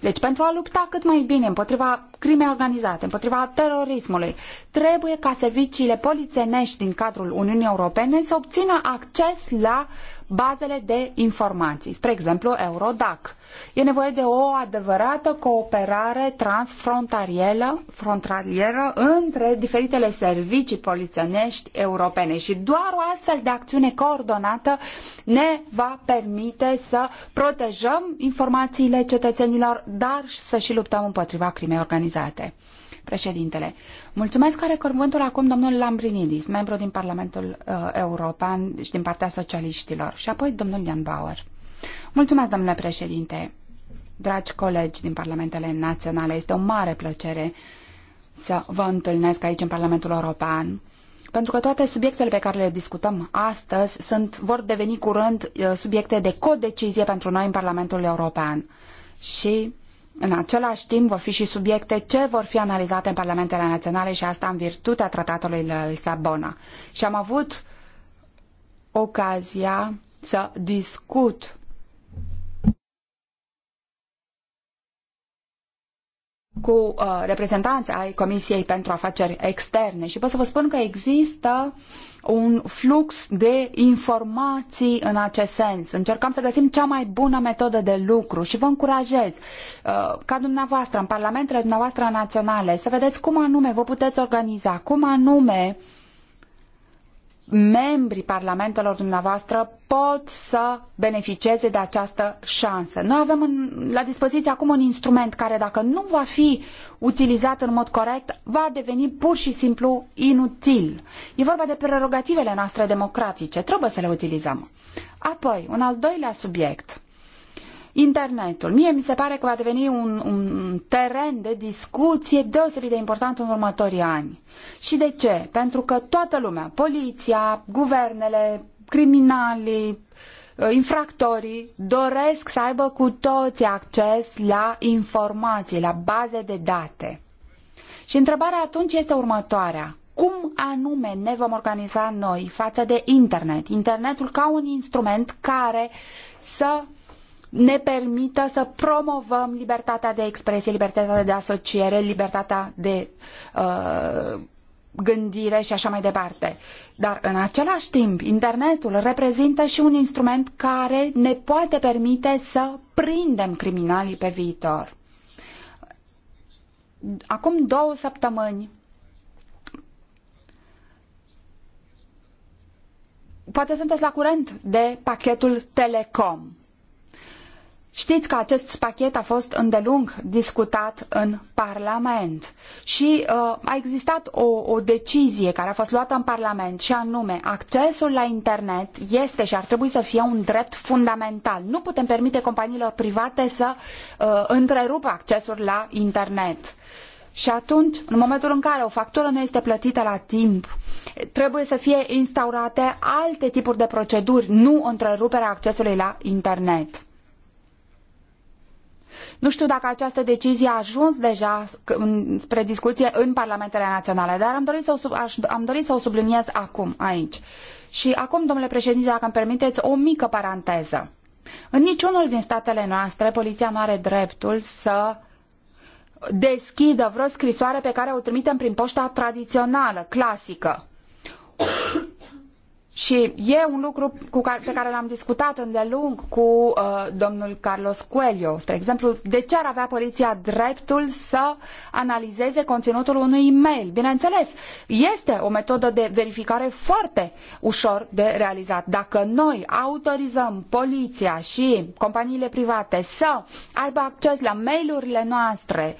Deci pentru a lupta cât mai bine împotriva crimei organizate, împotriva terorismului, trebuie ca serviciile polițienești din cadrul Uniunii Europene să obțină acces la bazele de informații, spre exemplu Eurodac. E nevoie de o adevărată cooperare transfrontalieră frontalieră între diferitele servicii polițienești europene și doar o astfel de acțiune coordonată ne va permite să protejăm informațiile cetățenilor, dar să și luptăm împotriva crimei organizate. Președintele, mulțumesc care cuvântul acum domnul Lambrinidis, membru din Parlamentul uh, European și din partea socialiștilor, și apoi domnul Jan Bauer. Mulțumesc, domnule președinte, dragi colegi din Parlamentele Naționale, este o mare plăcere să vă întâlnesc aici în Parlamentul European pentru că toate subiectele pe care le discutăm astăzi sunt, vor deveni curând uh, subiecte de codecizie pentru noi în Parlamentul European. Și în același timp vor fi și subiecte ce vor fi analizate în parlamentele naționale și asta în virtutea tratatului de la Lisabona. Și am avut ocazia să discut cu uh, reprezentanți ai Comisiei pentru Afaceri Externe și pot să vă spun că există uh, un flux de informații în acest sens. Încercăm să găsim cea mai bună metodă de lucru și vă încurajez uh, ca dumneavoastră, în parlamentele dumneavoastră naționale, să vedeți cum anume vă puteți organiza, cum anume membrii parlamentelor dumneavoastră pot să beneficieze de această șansă. Noi avem în, la dispoziție acum un instrument care, dacă nu va fi utilizat în mod corect, va deveni pur și simplu inutil. E vorba de prerogativele noastre democratice, trebuie să le utilizăm. Apoi, un al doilea subiect internetul. Mie mi se pare că va deveni un, un teren de discuție deosebit de important în următorii ani. Și de ce? Pentru că toată lumea, poliția, guvernele, criminalii, uh, infractorii doresc să aibă cu toții acces la informații, la baze de date. Și întrebarea atunci este următoarea. Cum anume ne vom organiza noi față de internet? Internetul ca un instrument care să ne permită să promovăm libertatea de expresie, libertatea de asociere, libertatea de uh, gândire și așa mai departe. Dar în același timp, internetul reprezintă și un instrument care ne poate permite să prindem criminalii pe viitor. Acum două săptămâni, poate sunteți la curent de pachetul Telecom Știți că acest pachet a fost îndelung discutat în Parlament și uh, a existat o, o decizie care a fost luată în Parlament și anume accesul la internet este și ar trebui să fie un drept fundamental. Nu putem permite companiilor private să uh, întrerupă accesul la internet. Și atunci, în momentul în care o factură nu este plătită la timp, trebuie să fie instaurate alte tipuri de proceduri, nu întreruperea accesului la internet. Nu știu dacă această decizie a ajuns deja spre discuție în Parlamentele Naționale, dar am dorit să o, am dorit să o subliniez acum, aici. Și acum, domnule președinte, dacă îmi permiteți, o mică paranteză. În niciunul din statele noastre, poliția nu are dreptul să deschidă vreo scrisoare pe care o trimitem prin poșta tradițională, clasică. Și e un lucru cu care, pe care l-am discutat îndelung cu uh, domnul Carlos Coelho. Spre exemplu, de ce ar avea poliția dreptul să analizeze conținutul unui e-mail? Bineînțeles, este o metodă de verificare foarte ușor de realizat. Dacă noi autorizăm poliția și companiile private să aibă acces la mail-urile noastre,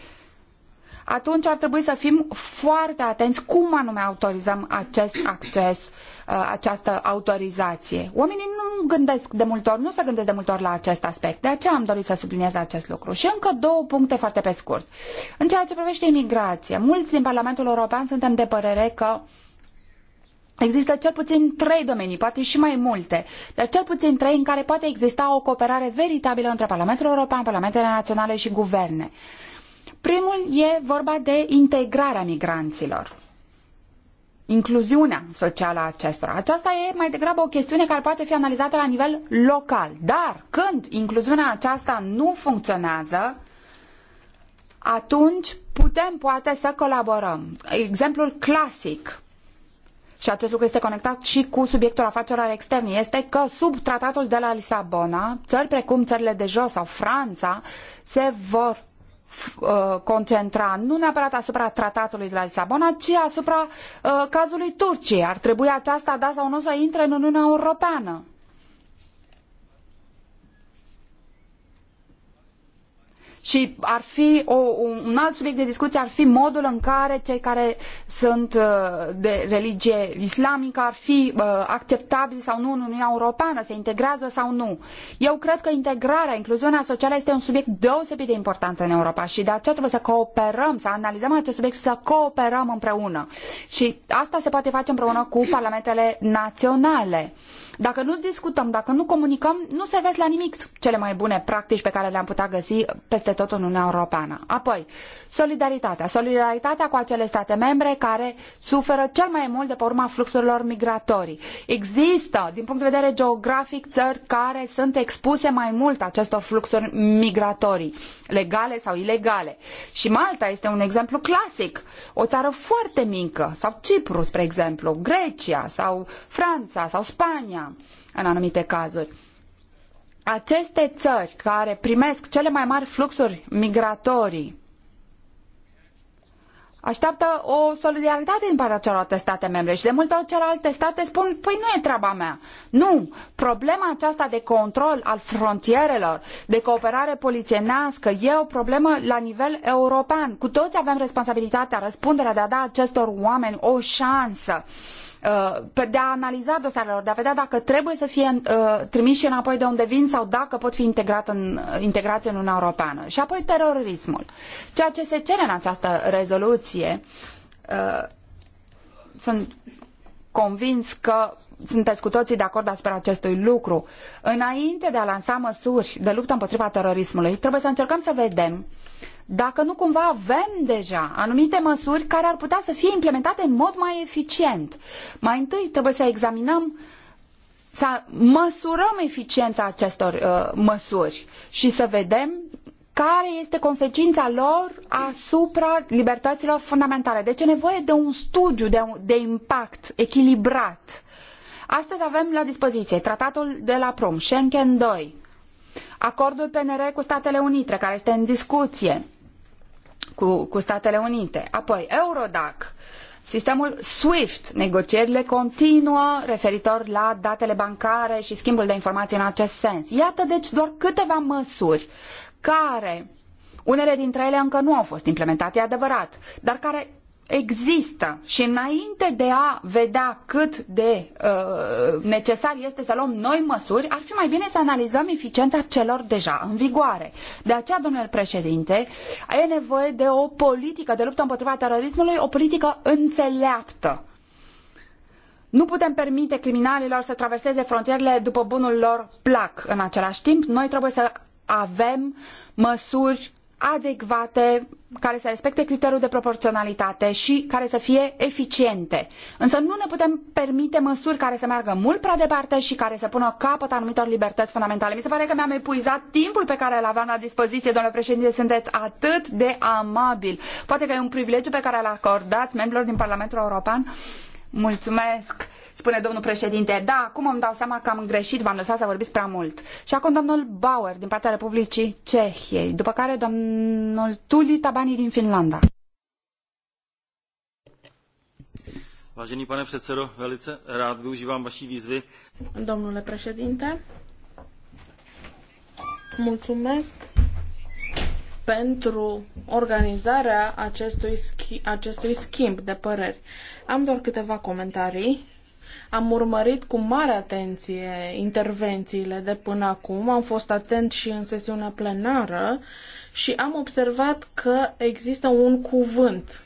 atunci ar trebui să fim foarte atenți cum anume autorizăm acest acces Uh, această autorizație. Oamenii nu gândesc de multe ori, nu se gândesc de multe ori la acest aspect. De aceea am dorit să subliniez acest lucru. Și încă două puncte foarte pe scurt. În ceea ce privește imigrație, mulți din Parlamentul European suntem de părere că Există cel puțin trei domenii, poate și mai multe, dar cel puțin trei în care poate exista o cooperare veritabilă între Parlamentul European, Parlamentele Naționale și guverne. Primul e vorba de integrarea migranților incluziunea socială a acestora. Aceasta e mai degrabă o chestiune care poate fi analizată la nivel local. Dar când incluziunea aceasta nu funcționează, atunci putem poate să colaborăm. Exemplul clasic și acest lucru este conectat și cu subiectul afacerilor externe, este că sub tratatul de la Lisabona, țări precum țările de jos sau Franța se vor Uh, concentra nu neapărat asupra tratatului de la Lisabona, ci asupra uh, cazului Turciei. Ar trebui aceasta, da sau nu, să intre în Uniunea Europeană. Și ar fi o, un alt subiect de discuție ar fi modul în care cei care sunt uh, de religie islamică ar fi uh, acceptabili sau nu în Uniunea Europeană, se integrează sau nu. Eu cred că integrarea, incluziunea socială este un subiect deosebit de important în Europa și de aceea trebuie să cooperăm, să analizăm acest subiect și să cooperăm împreună. Și asta se poate face împreună cu parlamentele naționale. Dacă nu discutăm, dacă nu comunicăm, nu servesc la nimic cele mai bune practici pe care le-am putea găsi peste peste tot în Uniunea Europeană. Apoi, solidaritatea. Solidaritatea cu acele state membre care suferă cel mai mult de pe urma fluxurilor migratorii. Există, din punct de vedere geografic, țări care sunt expuse mai mult acestor fluxuri migratorii, legale sau ilegale. Și Malta este un exemplu clasic. O țară foarte mică, sau Cipru, spre exemplu, Grecia sau Franța sau Spania, în anumite cazuri aceste țări care primesc cele mai mari fluxuri migratorii așteaptă o solidaritate din partea celorlalte state membre și de multe ori celelalte state spun, păi nu e treaba mea. Nu, problema aceasta de control al frontierelor, de cooperare polițienească, e o problemă la nivel european. Cu toți avem responsabilitatea, răspunderea de a da acestor oameni o șansă. Uh, Uh, de a analiza lor, de a vedea dacă trebuie să fie uh, trimiși înapoi de unde vin sau dacă pot fi integrat în, integrați în Uniunea Europeană. Și apoi terorismul. Ceea ce se cere în această rezoluție uh, sunt convins că sunteți cu toții de acord asupra acestui lucru. Înainte de a lansa măsuri de luptă împotriva terorismului, trebuie să încercăm să vedem dacă nu cumva avem deja anumite măsuri care ar putea să fie implementate în mod mai eficient. Mai întâi trebuie să examinăm să măsurăm eficiența acestor uh, măsuri și să vedem care este consecința lor asupra libertăților fundamentale. Deci e nevoie de un studiu de, de impact echilibrat. Astăzi avem la dispoziție tratatul de la Prum, Schengen 2, acordul PNR cu Statele Unite, care este în discuție cu, cu Statele Unite, apoi Eurodac, Sistemul SWIFT, negocierile continuă referitor la datele bancare și schimbul de informații în acest sens. Iată deci doar câteva măsuri care unele dintre ele încă nu au fost implementate, e adevărat, dar care există și înainte de a vedea cât de uh, necesar este să luăm noi măsuri, ar fi mai bine să analizăm eficiența celor deja în vigoare. De aceea, domnule președinte, e nevoie de o politică de luptă împotriva terorismului, o politică înțeleaptă. Nu putem permite criminalilor să traverseze frontierele după bunul lor plac. În același timp, noi trebuie să avem măsuri adecvate, care să respecte criteriul de proporționalitate și care să fie eficiente. Însă nu ne putem permite măsuri care să meargă mult prea departe și care să pună capăt anumitor libertăți fundamentale. Mi se pare că mi-am epuizat timpul pe care îl aveam la dispoziție, domnule președinte, sunteți atât de amabil. Poate că e un privilegiu pe care îl acordat membrilor din Parlamentul European. Mulțumesc! spune domnul președinte. Da, acum îmi dau seama că am greșit, v-am lăsat să vorbiți prea mult. Și acum domnul Bauer, din partea Republicii Cehiei, după care domnul Tuli Tabani din Finlanda. Vážený pane předsedo, velice rád využívám vaší výzvy. Domnule președinte, mulțumesc pentru organizarea acestui, schi- acestui schimb de păreri. Am doar câteva comentarii. Am urmărit cu mare atenție intervențiile de până acum, am fost atent și în sesiunea plenară și am observat că există un cuvânt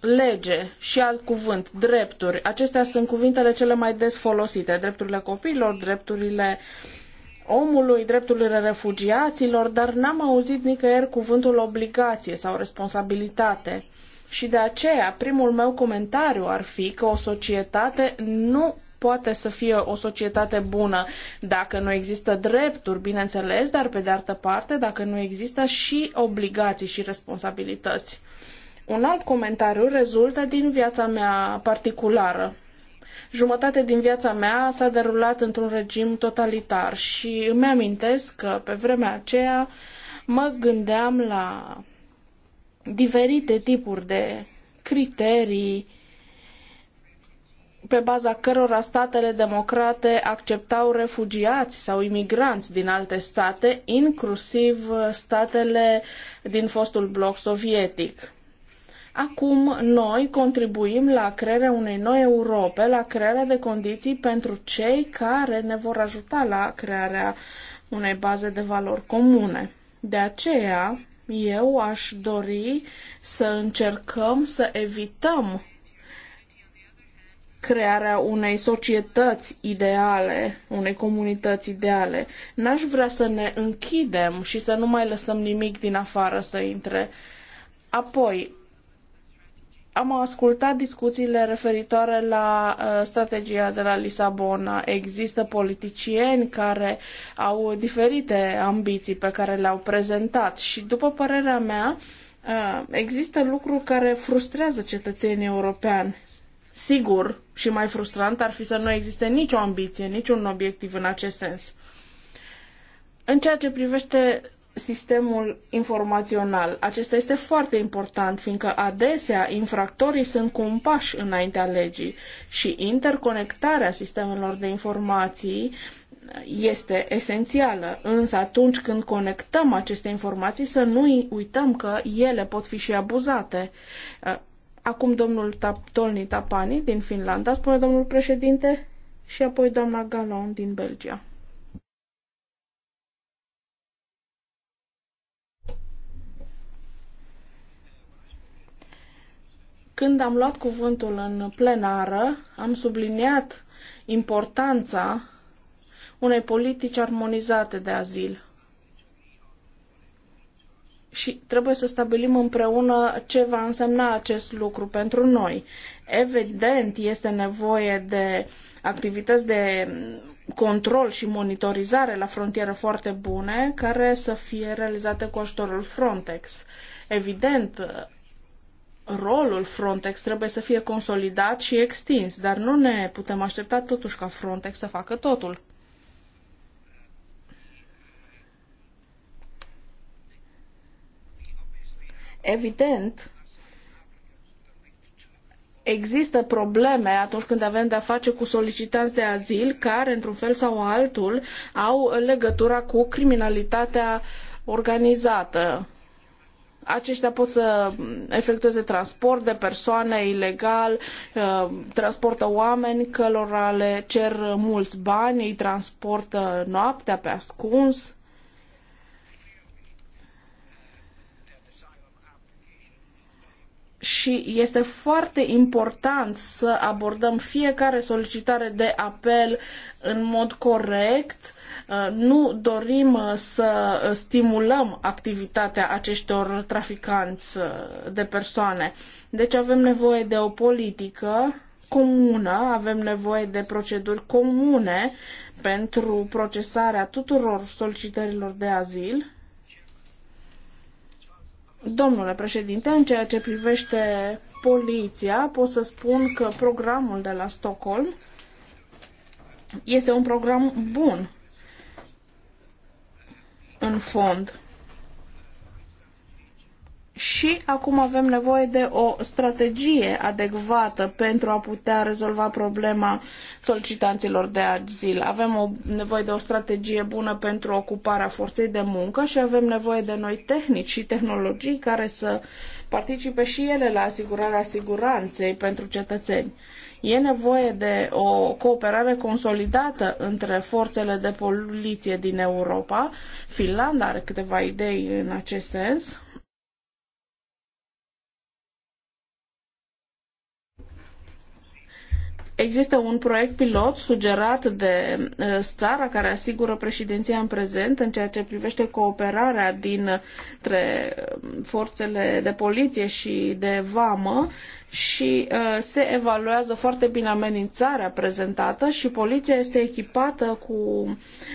lege și alt cuvânt, drepturi. Acestea sunt cuvintele cele mai des folosite. Drepturile copiilor, drepturile omului, drepturile refugiaților, dar n-am auzit nicăieri cuvântul obligație sau responsabilitate. Și de aceea, primul meu comentariu ar fi că o societate nu poate să fie o societate bună dacă nu există drepturi, bineînțeles, dar pe de altă parte dacă nu există și obligații și responsabilități. Un alt comentariu rezultă din viața mea particulară. Jumătate din viața mea s-a derulat într-un regim totalitar și îmi amintesc că pe vremea aceea mă gândeam la diferite tipuri de criterii pe baza cărora statele democrate acceptau refugiați sau imigranți din alte state, inclusiv statele din fostul bloc sovietic. Acum noi contribuim la crearea unei noi Europe, la crearea de condiții pentru cei care ne vor ajuta la crearea unei baze de valori comune. De aceea, eu aș dori să încercăm să evităm crearea unei societăți ideale, unei comunități ideale. N-aș vrea să ne închidem și să nu mai lăsăm nimic din afară să intre. Apoi, am ascultat discuțiile referitoare la uh, strategia de la Lisabona. Există politicieni care au diferite ambiții pe care le-au prezentat și, după părerea mea, uh, există lucruri care frustrează cetățenii europeni. Sigur, și mai frustrant ar fi să nu existe nicio ambiție, niciun obiectiv în acest sens. În ceea ce privește sistemul informațional. Acesta este foarte important, fiindcă adesea infractorii sunt cu un paș înaintea legii și interconectarea sistemelor de informații este esențială, însă atunci când conectăm aceste informații să nu uităm că ele pot fi și abuzate. Uh, acum domnul Tolni Tapani din Finlanda, spune domnul președinte, și apoi doamna Galon din Belgia. Când am luat cuvântul în plenară, am subliniat importanța unei politici armonizate de azil. Și trebuie să stabilim împreună ce va însemna acest lucru pentru noi. Evident, este nevoie de activități de control și monitorizare la frontieră foarte bune, care să fie realizate cu ajutorul Frontex. Evident, rolul Frontex trebuie să fie consolidat și extins, dar nu ne putem aștepta totuși ca Frontex să facă totul. Evident, există probleme atunci când avem de-a face cu solicitanți de azil care, într-un fel sau altul, au legătura cu criminalitatea organizată aceștia pot să efectueze transport de persoane ilegal, uh, transportă oameni călora le cer mulți bani, îi transportă noaptea pe ascuns. și este foarte important să abordăm fiecare solicitare de apel în mod corect Uh, nu dorim uh, să stimulăm activitatea acestor traficanți uh, de persoane. Deci avem nevoie de o politică comună, avem nevoie de proceduri comune pentru procesarea tuturor solicitărilor de azil. Domnule președinte, în ceea ce privește poliția, pot să spun că programul de la Stockholm este un program bun în fond și acum avem nevoie de o strategie adecvată pentru a putea rezolva problema solicitanților de azil. Avem o, nevoie de o strategie bună pentru ocuparea forței de muncă și avem nevoie de noi tehnici și tehnologii care să participe și ele la asigurarea siguranței pentru cetățeni. E nevoie de o cooperare consolidată între forțele de poliție din Europa. Finlanda are câteva idei în acest sens Există un proiect pilot sugerat de uh, țara care asigură președinția în prezent în ceea ce privește cooperarea dintre uh, forțele de poliție și de vamă și uh, se evaluează foarte bine amenințarea prezentată și poliția este echipată cu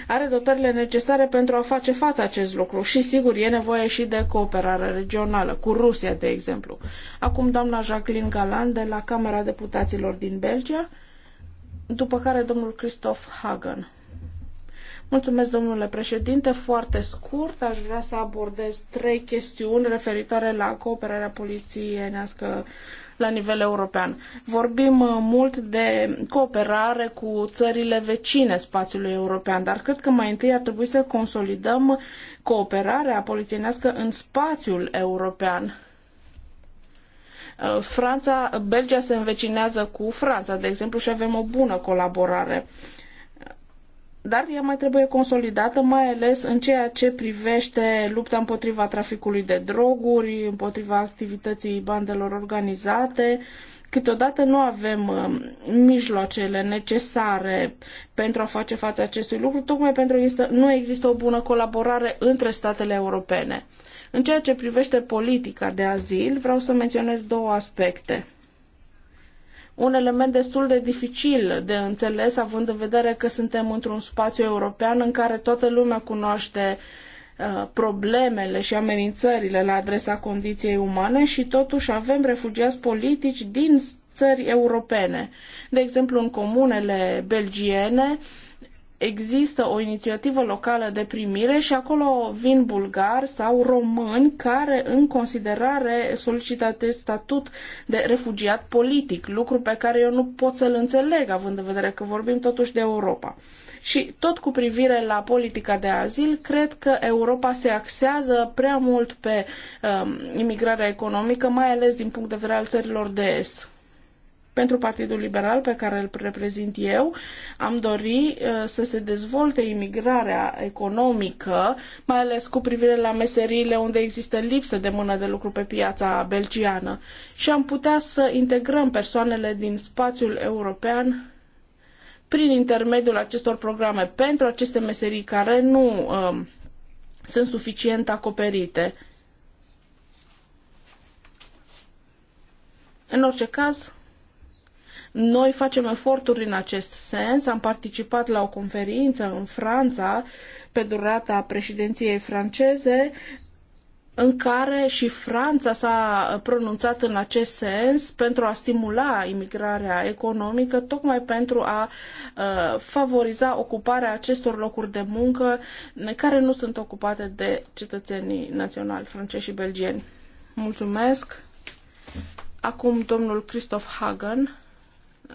are dotările necesare pentru a face față acest lucru și sigur e nevoie și de cooperare regională cu Rusia de exemplu. Acum doamna Jacqueline Galan de la Camera Deputaților din Belgia, după care domnul Christoph Hagen. Mulțumesc, domnule președinte. Foarte scurt, aș vrea să abordez trei chestiuni referitoare la cooperarea polițienească la nivel european. Vorbim uh, mult de cooperare cu țările vecine spațiului european, dar cred că mai întâi ar trebui să consolidăm cooperarea polițienească în spațiul european. Uh, Franța, Belgia se învecinează cu Franța, de exemplu, și avem o bună colaborare dar ea mai trebuie consolidată, mai ales în ceea ce privește lupta împotriva traficului de droguri, împotriva activității bandelor organizate. Câteodată nu avem um, mijloacele necesare pentru a face față acestui lucru, tocmai pentru că nu există o bună colaborare între statele europene. În ceea ce privește politica de azil, vreau să menționez două aspecte un element destul de dificil de înțeles, având în vedere că suntem într-un spațiu european în care toată lumea cunoaște uh, problemele și amenințările la adresa condiției umane și totuși avem refugiați politici din țări europene. De exemplu, în comunele belgiene, uh, există o inițiativă locală de primire și acolo vin bulgari sau români care în considerare solicită statut de refugiat politic, lucru pe care eu nu pot să-l înțeleg având în vedere că vorbim totuși de Europa. Și tot cu privire la politica de azil, cred că Europa se axează prea mult pe um, imigrarea economică, mai ales din punct de vedere al țărilor de est pentru Partidul Liberal, pe care îl reprezint eu, am dori uh, să se dezvolte imigrarea economică, mai ales cu privire la meseriile unde există lipsă de mână de lucru pe piața belgiană și am putea să integrăm persoanele din spațiul european prin intermediul acestor programe pentru aceste meserii care nu um, sunt suficient acoperite. În orice caz, noi facem eforturi în acest sens. Am participat la o conferință în Franța pe durata președinției franceze în care și Franța s-a pronunțat în acest sens pentru a stimula imigrarea economică, tocmai pentru a uh, favoriza ocuparea acestor locuri de muncă care nu sunt ocupate de cetățenii naționali francezi și belgieni. Mulțumesc! Acum domnul Christoph Hagen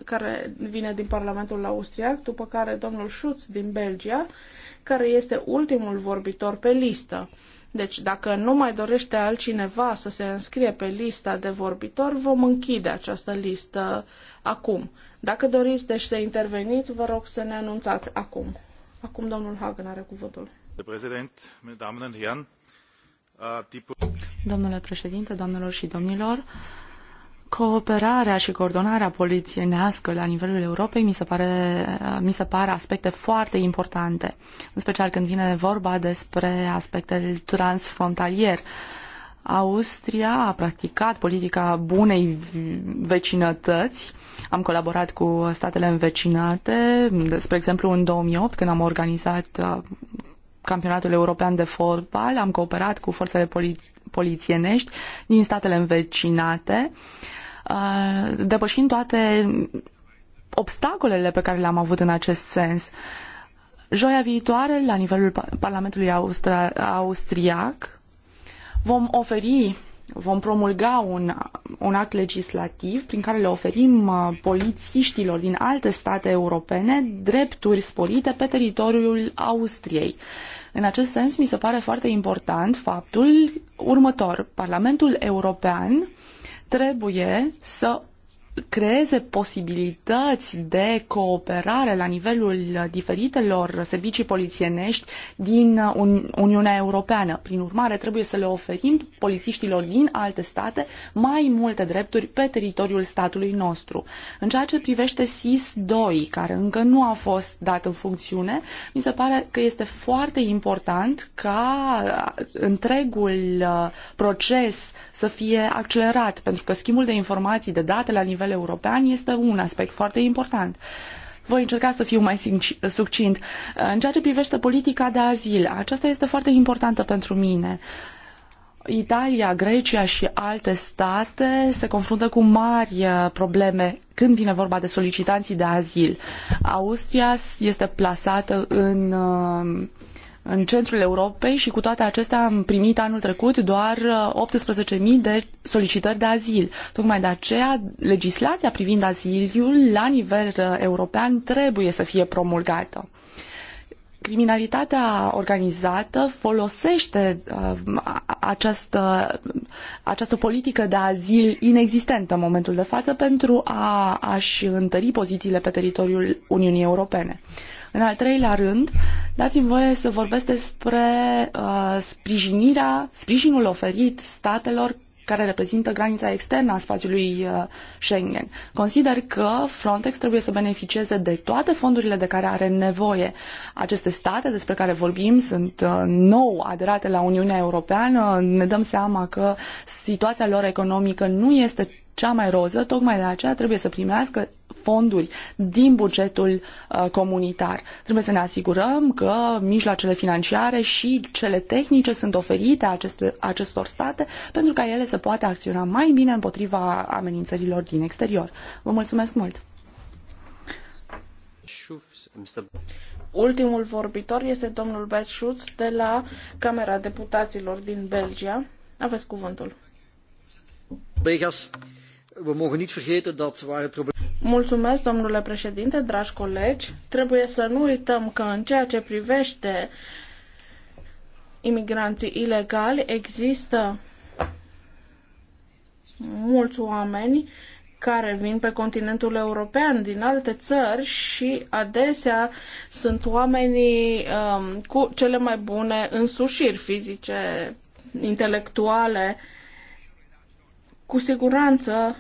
care vine din Parlamentul Austriac, după care domnul Schutz din Belgia, care este ultimul vorbitor pe listă. Deci, dacă nu mai dorește altcineva să se înscrie pe lista de vorbitori, vom închide această listă acum. Dacă doriți deci să interveniți, vă rog să ne anunțați acum. Acum domnul Hagen are cuvântul. Domnule președinte, doamnelor și domnilor, Cooperarea și coordonarea polițienească la nivelul Europei mi se, pare, mi se pare aspecte foarte importante, în special când vine vorba despre aspectele transfrontalier. Austria a practicat politica bunei vecinătăți. Am colaborat cu statele învecinate, spre exemplu în 2008 când am organizat uh, campionatul european de fotbal, am cooperat cu forțele poli- polițienești din statele învecinate. Uh, Uh, depășind toate obstacolele pe care le-am avut în acest sens. Joia viitoare, la nivelul Parlamentului Austra- austriac, vom oferi, vom promulga un, un act legislativ prin care le oferim uh, polițiștilor din alte state europene drepturi sporite pe teritoriul Austriei. În acest sens, mi se pare foarte important faptul următor. Parlamentul European trebuie să creeze posibilități de cooperare la nivelul diferitelor servicii polițienești din Uniunea Europeană. Prin urmare, trebuie să le oferim polițiștilor din alte state mai multe drepturi pe teritoriul statului nostru. În ceea ce privește SIS-2, care încă nu a fost dat în funcțiune, mi se pare că este foarte important ca întregul uh, proces să fie accelerat, pentru că schimbul de informații, de date la nivel european este un aspect foarte important. Voi încerca să fiu mai succint. În ceea ce privește politica de azil, aceasta este foarte importantă pentru mine. Italia, Grecia și alte state se confruntă cu mari uh, probleme când vine vorba de solicitanții de azil. Austria este plasată în uh, în centrul Europei și cu toate acestea am primit anul trecut doar 18.000 uh, de solicitări de azil. Tocmai de aceea legislația privind aziliul la nivel uh, european trebuie să fie promulgată criminalitatea organizată folosește uh, această, această politică de azil inexistentă în momentul de față pentru a, a-și întări pozițiile pe teritoriul Uniunii Europene. În al treilea rând, Dați-mi voie să vorbesc despre uh, sprijinirea, sprijinul oferit statelor care reprezintă granița externă a spațiului uh, Schengen. Consider că Frontex trebuie să beneficieze de toate fondurile de care are nevoie. Aceste state despre care vorbim sunt uh, nou aderate la Uniunea Europeană. Ne dăm seama că situația lor economică nu este cea mai roză, tocmai de aceea trebuie să primească fonduri din bugetul uh, comunitar. Trebuie să ne asigurăm că mijloacele financiare și cele tehnice sunt oferite aceste, acestor state pentru ca ele să poată acționa mai bine împotriva amenințărilor din exterior. Vă mulțumesc mult! Ultimul vorbitor este domnul Bert Schutz de la Camera Deputaților din Belgia. Aveți cuvântul. Because we mogen niet vergeten dat waar het probleem... Mulțumesc, domnule președinte, dragi colegi. Trebuie să nu uităm că în ceea ce privește imigranții ilegali există mulți oameni care vin pe continentul european din alte țări și adesea sunt oamenii um, cu cele mai bune însușiri fizice, intelectuale. Cu siguranță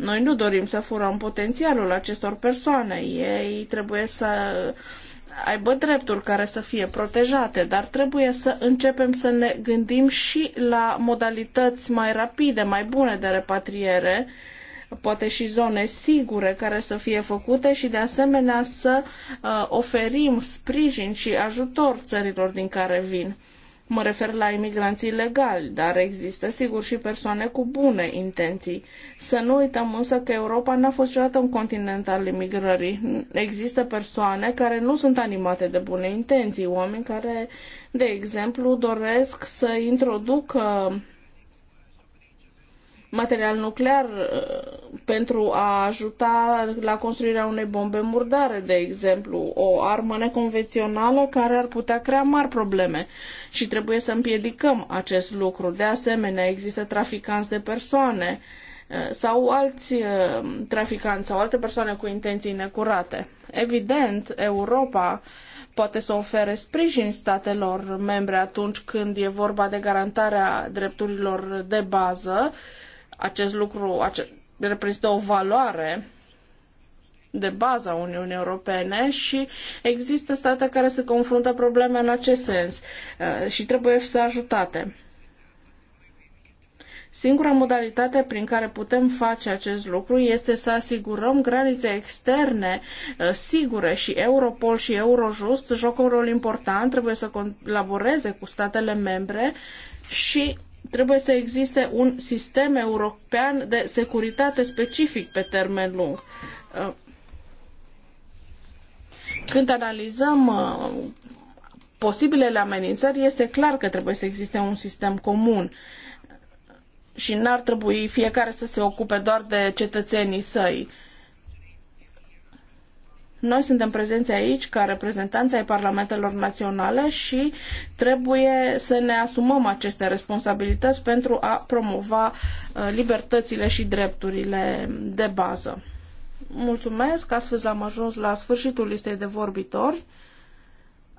noi nu dorim să furăm potențialul acestor persoane. Ei trebuie să aibă drepturi care să fie protejate, dar trebuie să începem să ne gândim și la modalități mai rapide, mai bune de repatriere, poate și zone sigure care să fie făcute și de asemenea să uh, oferim sprijin și ajutor țărilor din care vin. Mă refer la imigranții ilegali, dar există sigur și persoane cu bune intenții. Să nu uităm însă că Europa n-a fost niciodată un continent al imigrării. Există persoane care nu sunt animate de bune intenții, oameni care, de exemplu, doresc să introducă material nuclear uh, pentru a ajuta la construirea unei bombe murdare, de exemplu, o armă neconvențională care ar putea crea mari probleme și trebuie să împiedicăm acest lucru. De asemenea, există traficanți de persoane uh, sau alți uh, traficanți sau alte persoane cu intenții necurate. Evident, Europa poate să ofere sprijin statelor membre atunci când e vorba de garantarea drepturilor de bază acest lucru ace- reprezintă o valoare de bază a Uniunii Europene și există state care se confruntă probleme în acest sens uh, și trebuie să ajutate. Singura modalitate prin care putem face acest lucru este să asigurăm granițe externe uh, sigure și Europol și Eurojust joacă un rol important, trebuie să colaboreze cu statele membre și trebuie să existe un sistem european de securitate specific pe termen lung. Uh, când analizăm uh, posibilele amenințări, este clar că trebuie să existe un sistem comun și n-ar trebui fiecare să se ocupe doar de cetățenii săi. Uh, noi suntem prezenți aici ca reprezentanți ai parlamentelor naționale și trebuie să ne asumăm aceste responsabilități pentru a promova uh, libertățile și drepturile de bază. Mulțumesc, astfel am ajuns la sfârșitul listei de vorbitori.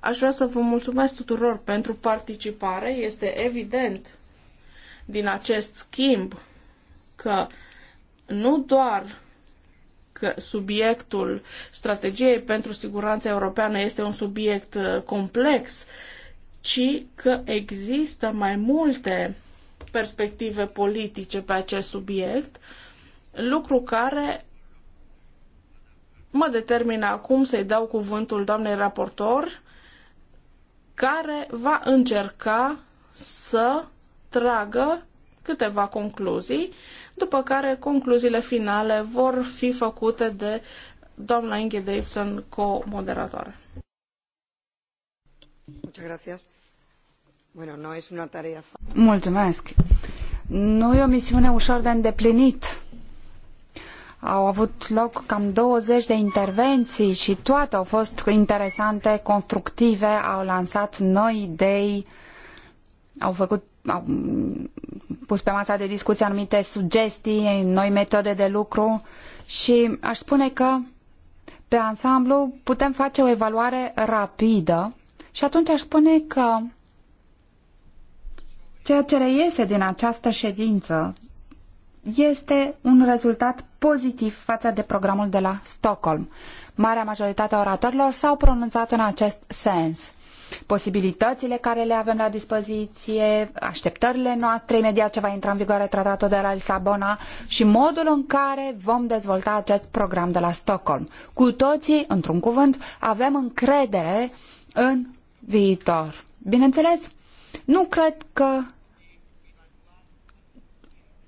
Aș vrea să vă mulțumesc tuturor pentru participare. Este evident din acest schimb că nu doar că subiectul strategiei pentru siguranța europeană este un subiect uh, complex, ci că există mai multe perspective politice pe acest subiect, lucru care mă determină acum să-i dau cuvântul doamnei raportor, care va încerca să tragă câteva concluzii, după care concluziile finale vor fi făcute de doamna Inge Davidson, co-moderatoare. Mulțumesc. Nu e o misiune ușor de îndeplinit. Au avut loc cam 20 de intervenții și toate au fost interesante, constructive, au lansat noi idei, au făcut au pus pe masa de discuție anumite sugestii, noi metode de lucru și aș spune că pe ansamblu putem face o evaluare rapidă și atunci aș spune că ceea ce reiese din această ședință este un rezultat pozitiv față de programul de la Stockholm. Marea majoritate a oratorilor s-au pronunțat în acest sens posibilitățile care le avem la dispoziție, așteptările noastre imediat ce va intra în vigoare tratatul de la Lisabona și modul în care vom dezvolta acest program de la Stockholm. Cu toții, într-un cuvânt, avem încredere în viitor. Bineînțeles, nu cred că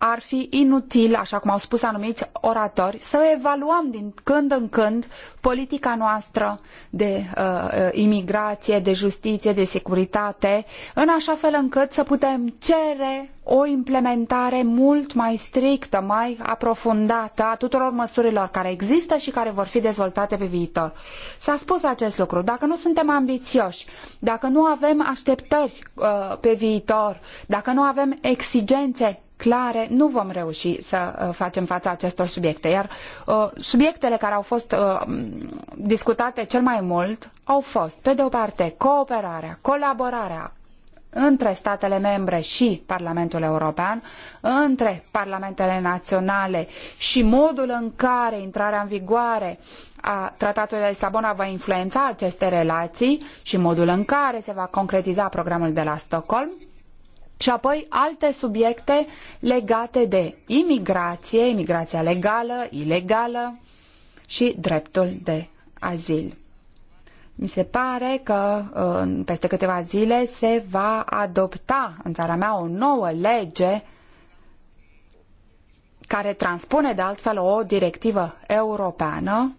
ar fi inutil, așa cum au spus anumiți oratori, să evaluăm din când în când politica noastră de uh, uh, imigrație, de justiție, de securitate, în așa fel încât să putem cere o implementare mult mai strictă, mai aprofundată a tuturor măsurilor care există și care vor fi dezvoltate pe viitor. S-a spus acest lucru. Dacă nu suntem ambițioși, dacă nu avem așteptări uh, pe viitor, dacă nu avem exigențe clare, nu vom reuși să uh, facem fața acestor subiecte. Iar uh, subiectele care au fost uh, discutate cel mai mult au fost, pe de o parte, cooperarea, colaborarea între statele membre și Parlamentul European, între parlamentele naționale și modul în care intrarea în vigoare a Tratatului de Lisabona va influența aceste relații și modul în care se va concretiza programul de la Stockholm ci apoi alte subiecte legate de imigrație, imigrația legală, ilegală și dreptul de azil. Mi se pare că peste câteva zile se va adopta în țara mea o nouă lege care transpune de altfel o directivă europeană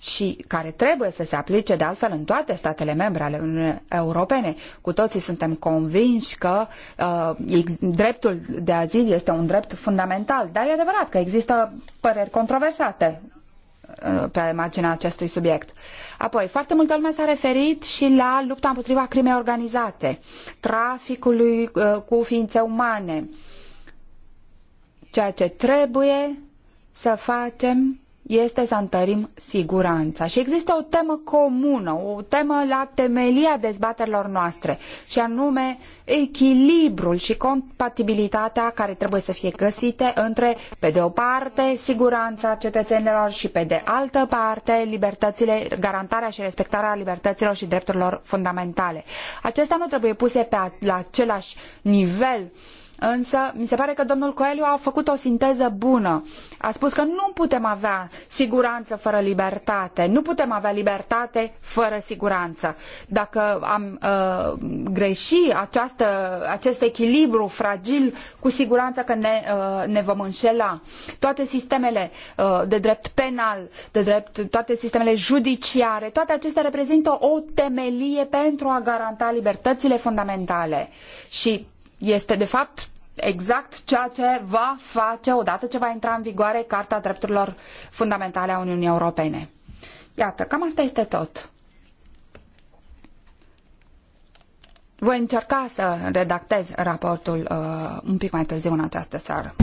și care trebuie să se aplice de altfel în toate statele membre ale Uniunii Europene. Cu toții suntem convinși că uh, dreptul de azil este un drept fundamental, dar e adevărat că există păreri controversate uh, pe marginea acestui subiect. Apoi, foarte multă lume s-a referit și la lupta împotriva crimei organizate, traficului uh, cu ființe umane, ceea ce trebuie să facem este să întărim siguranța. Și există o temă comună, o temă la temelia dezbaterilor noastre, și anume echilibrul și compatibilitatea care trebuie să fie găsite între, pe de o parte, siguranța cetățenilor și, pe de altă parte, libertățile, garantarea și respectarea libertăților și drepturilor fundamentale. Acestea nu trebuie puse pe, la același nivel însă mi se pare că domnul Coelho a făcut o sinteză bună. A spus că nu putem avea siguranță fără libertate, nu putem avea libertate fără siguranță. Dacă am uh, greși această, acest echilibru fragil, cu siguranță că ne, uh, ne vom înșela. Toate sistemele uh, de drept penal, de drept, toate sistemele judiciare, toate acestea reprezintă o temelie pentru a garanta libertățile fundamentale. Și este de fapt exact ceea ce va face odată ce va intra în vigoare Carta Drepturilor Fundamentale a Uniunii Europene. Iată, cam asta este tot. Voi încerca să redactez raportul uh, un pic mai târziu în această seară.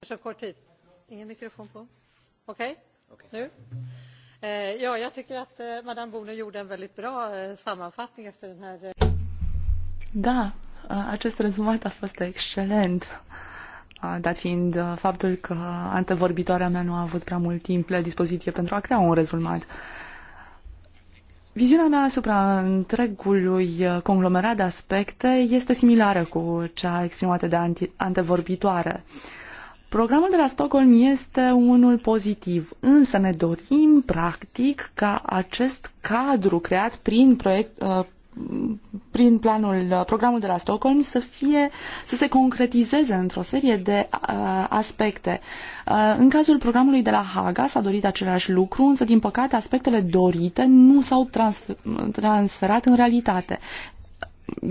Så kort tid. Ingen mikrofon Nu? Eh, ja, jag tycker att eh, Madame gjorde en väldigt bra eh, sammanfattning efter den här... Da, acest rezumat a fost excelent, dat fiind faptul că antevorbitoarea mea nu a avut prea mult timp la dispoziție pentru a crea un rezumat. Viziunea mea asupra întregului conglomerat de aspecte este similară cu cea exprimată de antevorbitoare. Programul de la Stockholm este unul pozitiv, însă ne dorim, practic, ca acest cadru creat prin proiect, uh, prin planul, uh, programul de la Stockholm să fie, să se concretizeze într-o serie de uh, aspecte. Uh, în cazul programului de la Haga s-a dorit același lucru, însă din păcate aspectele dorite nu s-au transfer, transferat în realitate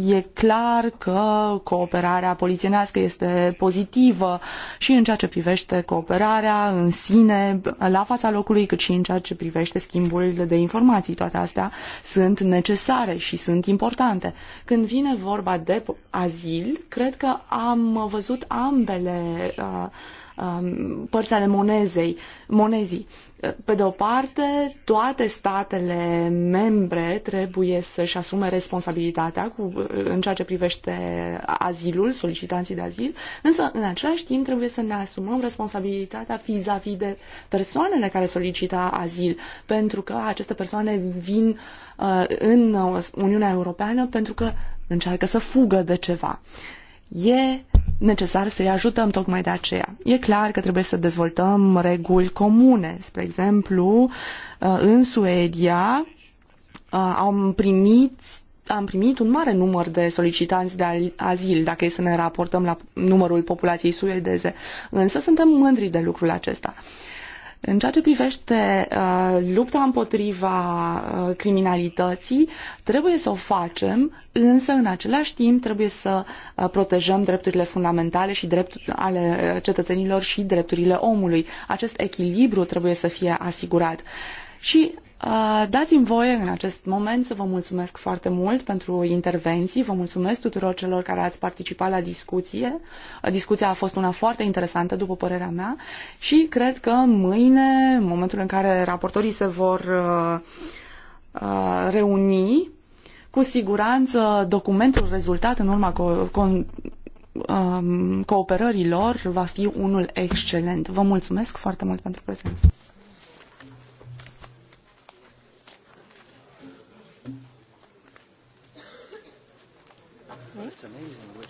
e clar că cooperarea polițienească este pozitivă și în ceea ce privește cooperarea în sine la fața locului, cât și în ceea ce privește schimburile de informații. Toate astea sunt necesare și sunt importante. Când vine vorba de azil, cred că am văzut ambele uh, Um, părți ale monezei, monezii. Pe de o parte, toate statele membre trebuie să-și asume responsabilitatea cu, în ceea ce privește azilul, solicitanții de azil, însă în același timp trebuie să ne asumăm responsabilitatea vis-a-vis de persoanele care solicită azil, pentru că aceste persoane vin uh, în Uniunea Europeană pentru că încearcă să fugă de ceva. E necesar să-i ajutăm tocmai de aceea. E clar că trebuie să dezvoltăm reguli comune. Spre exemplu, uh, în Suedia uh, am primit am primit un mare număr de solicitanți de azil, dacă e să ne raportăm la numărul populației suedeze. Însă suntem mândri de lucrul acesta. Uh, în ceea ce privește uh, lupta împotriva uh, criminalității, trebuie să o facem, însă în același timp trebuie să uh, protejăm drepturile fundamentale și drepturile ale uh, cetățenilor și drepturile omului. Acest echilibru trebuie să fie asigurat. Și Uh, dați-mi voie în acest moment să vă mulțumesc foarte mult pentru intervenții, vă mulțumesc tuturor celor care ați participat la discuție. Uh, discuția a fost una foarte interesantă, după părerea mea, și cred că mâine, în momentul în care raportorii se vor uh, reuni, cu siguranță documentul rezultat în urma um, cooperării lor va fi unul excelent. Vă mulțumesc foarte mult pentru prezență.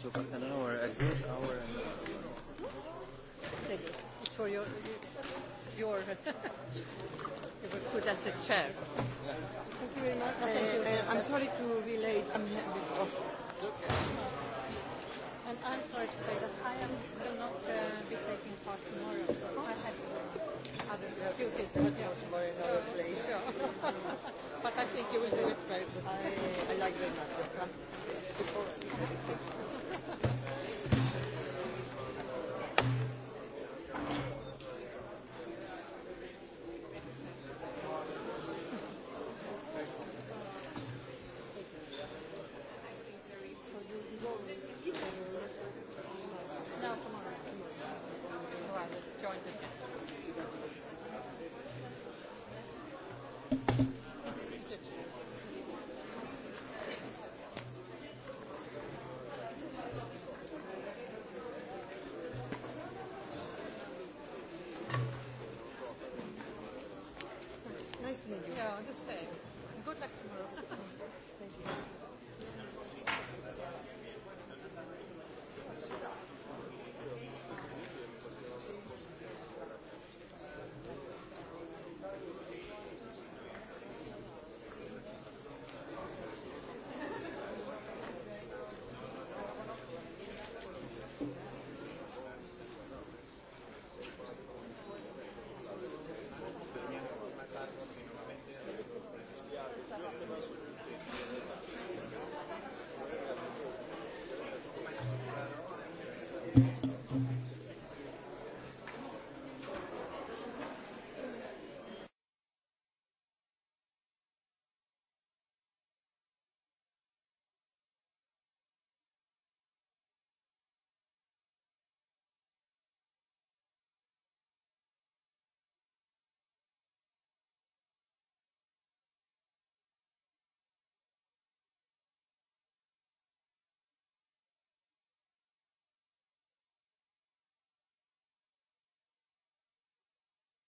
so for an hour, a good hour and a half. Thank you. It's for your, your, you were put as a chair. Yeah. Thank you very much. No, oh, thank you. Uh, uh, I'm sorry to be late. I'm a bit It's okay. And I'm sorry to say that I am will not uh, be taking part tomorrow. Oh. I have other duties. But yeah. tomorrow in other place. So. but I think you will do it very good. I, I like very much. Before.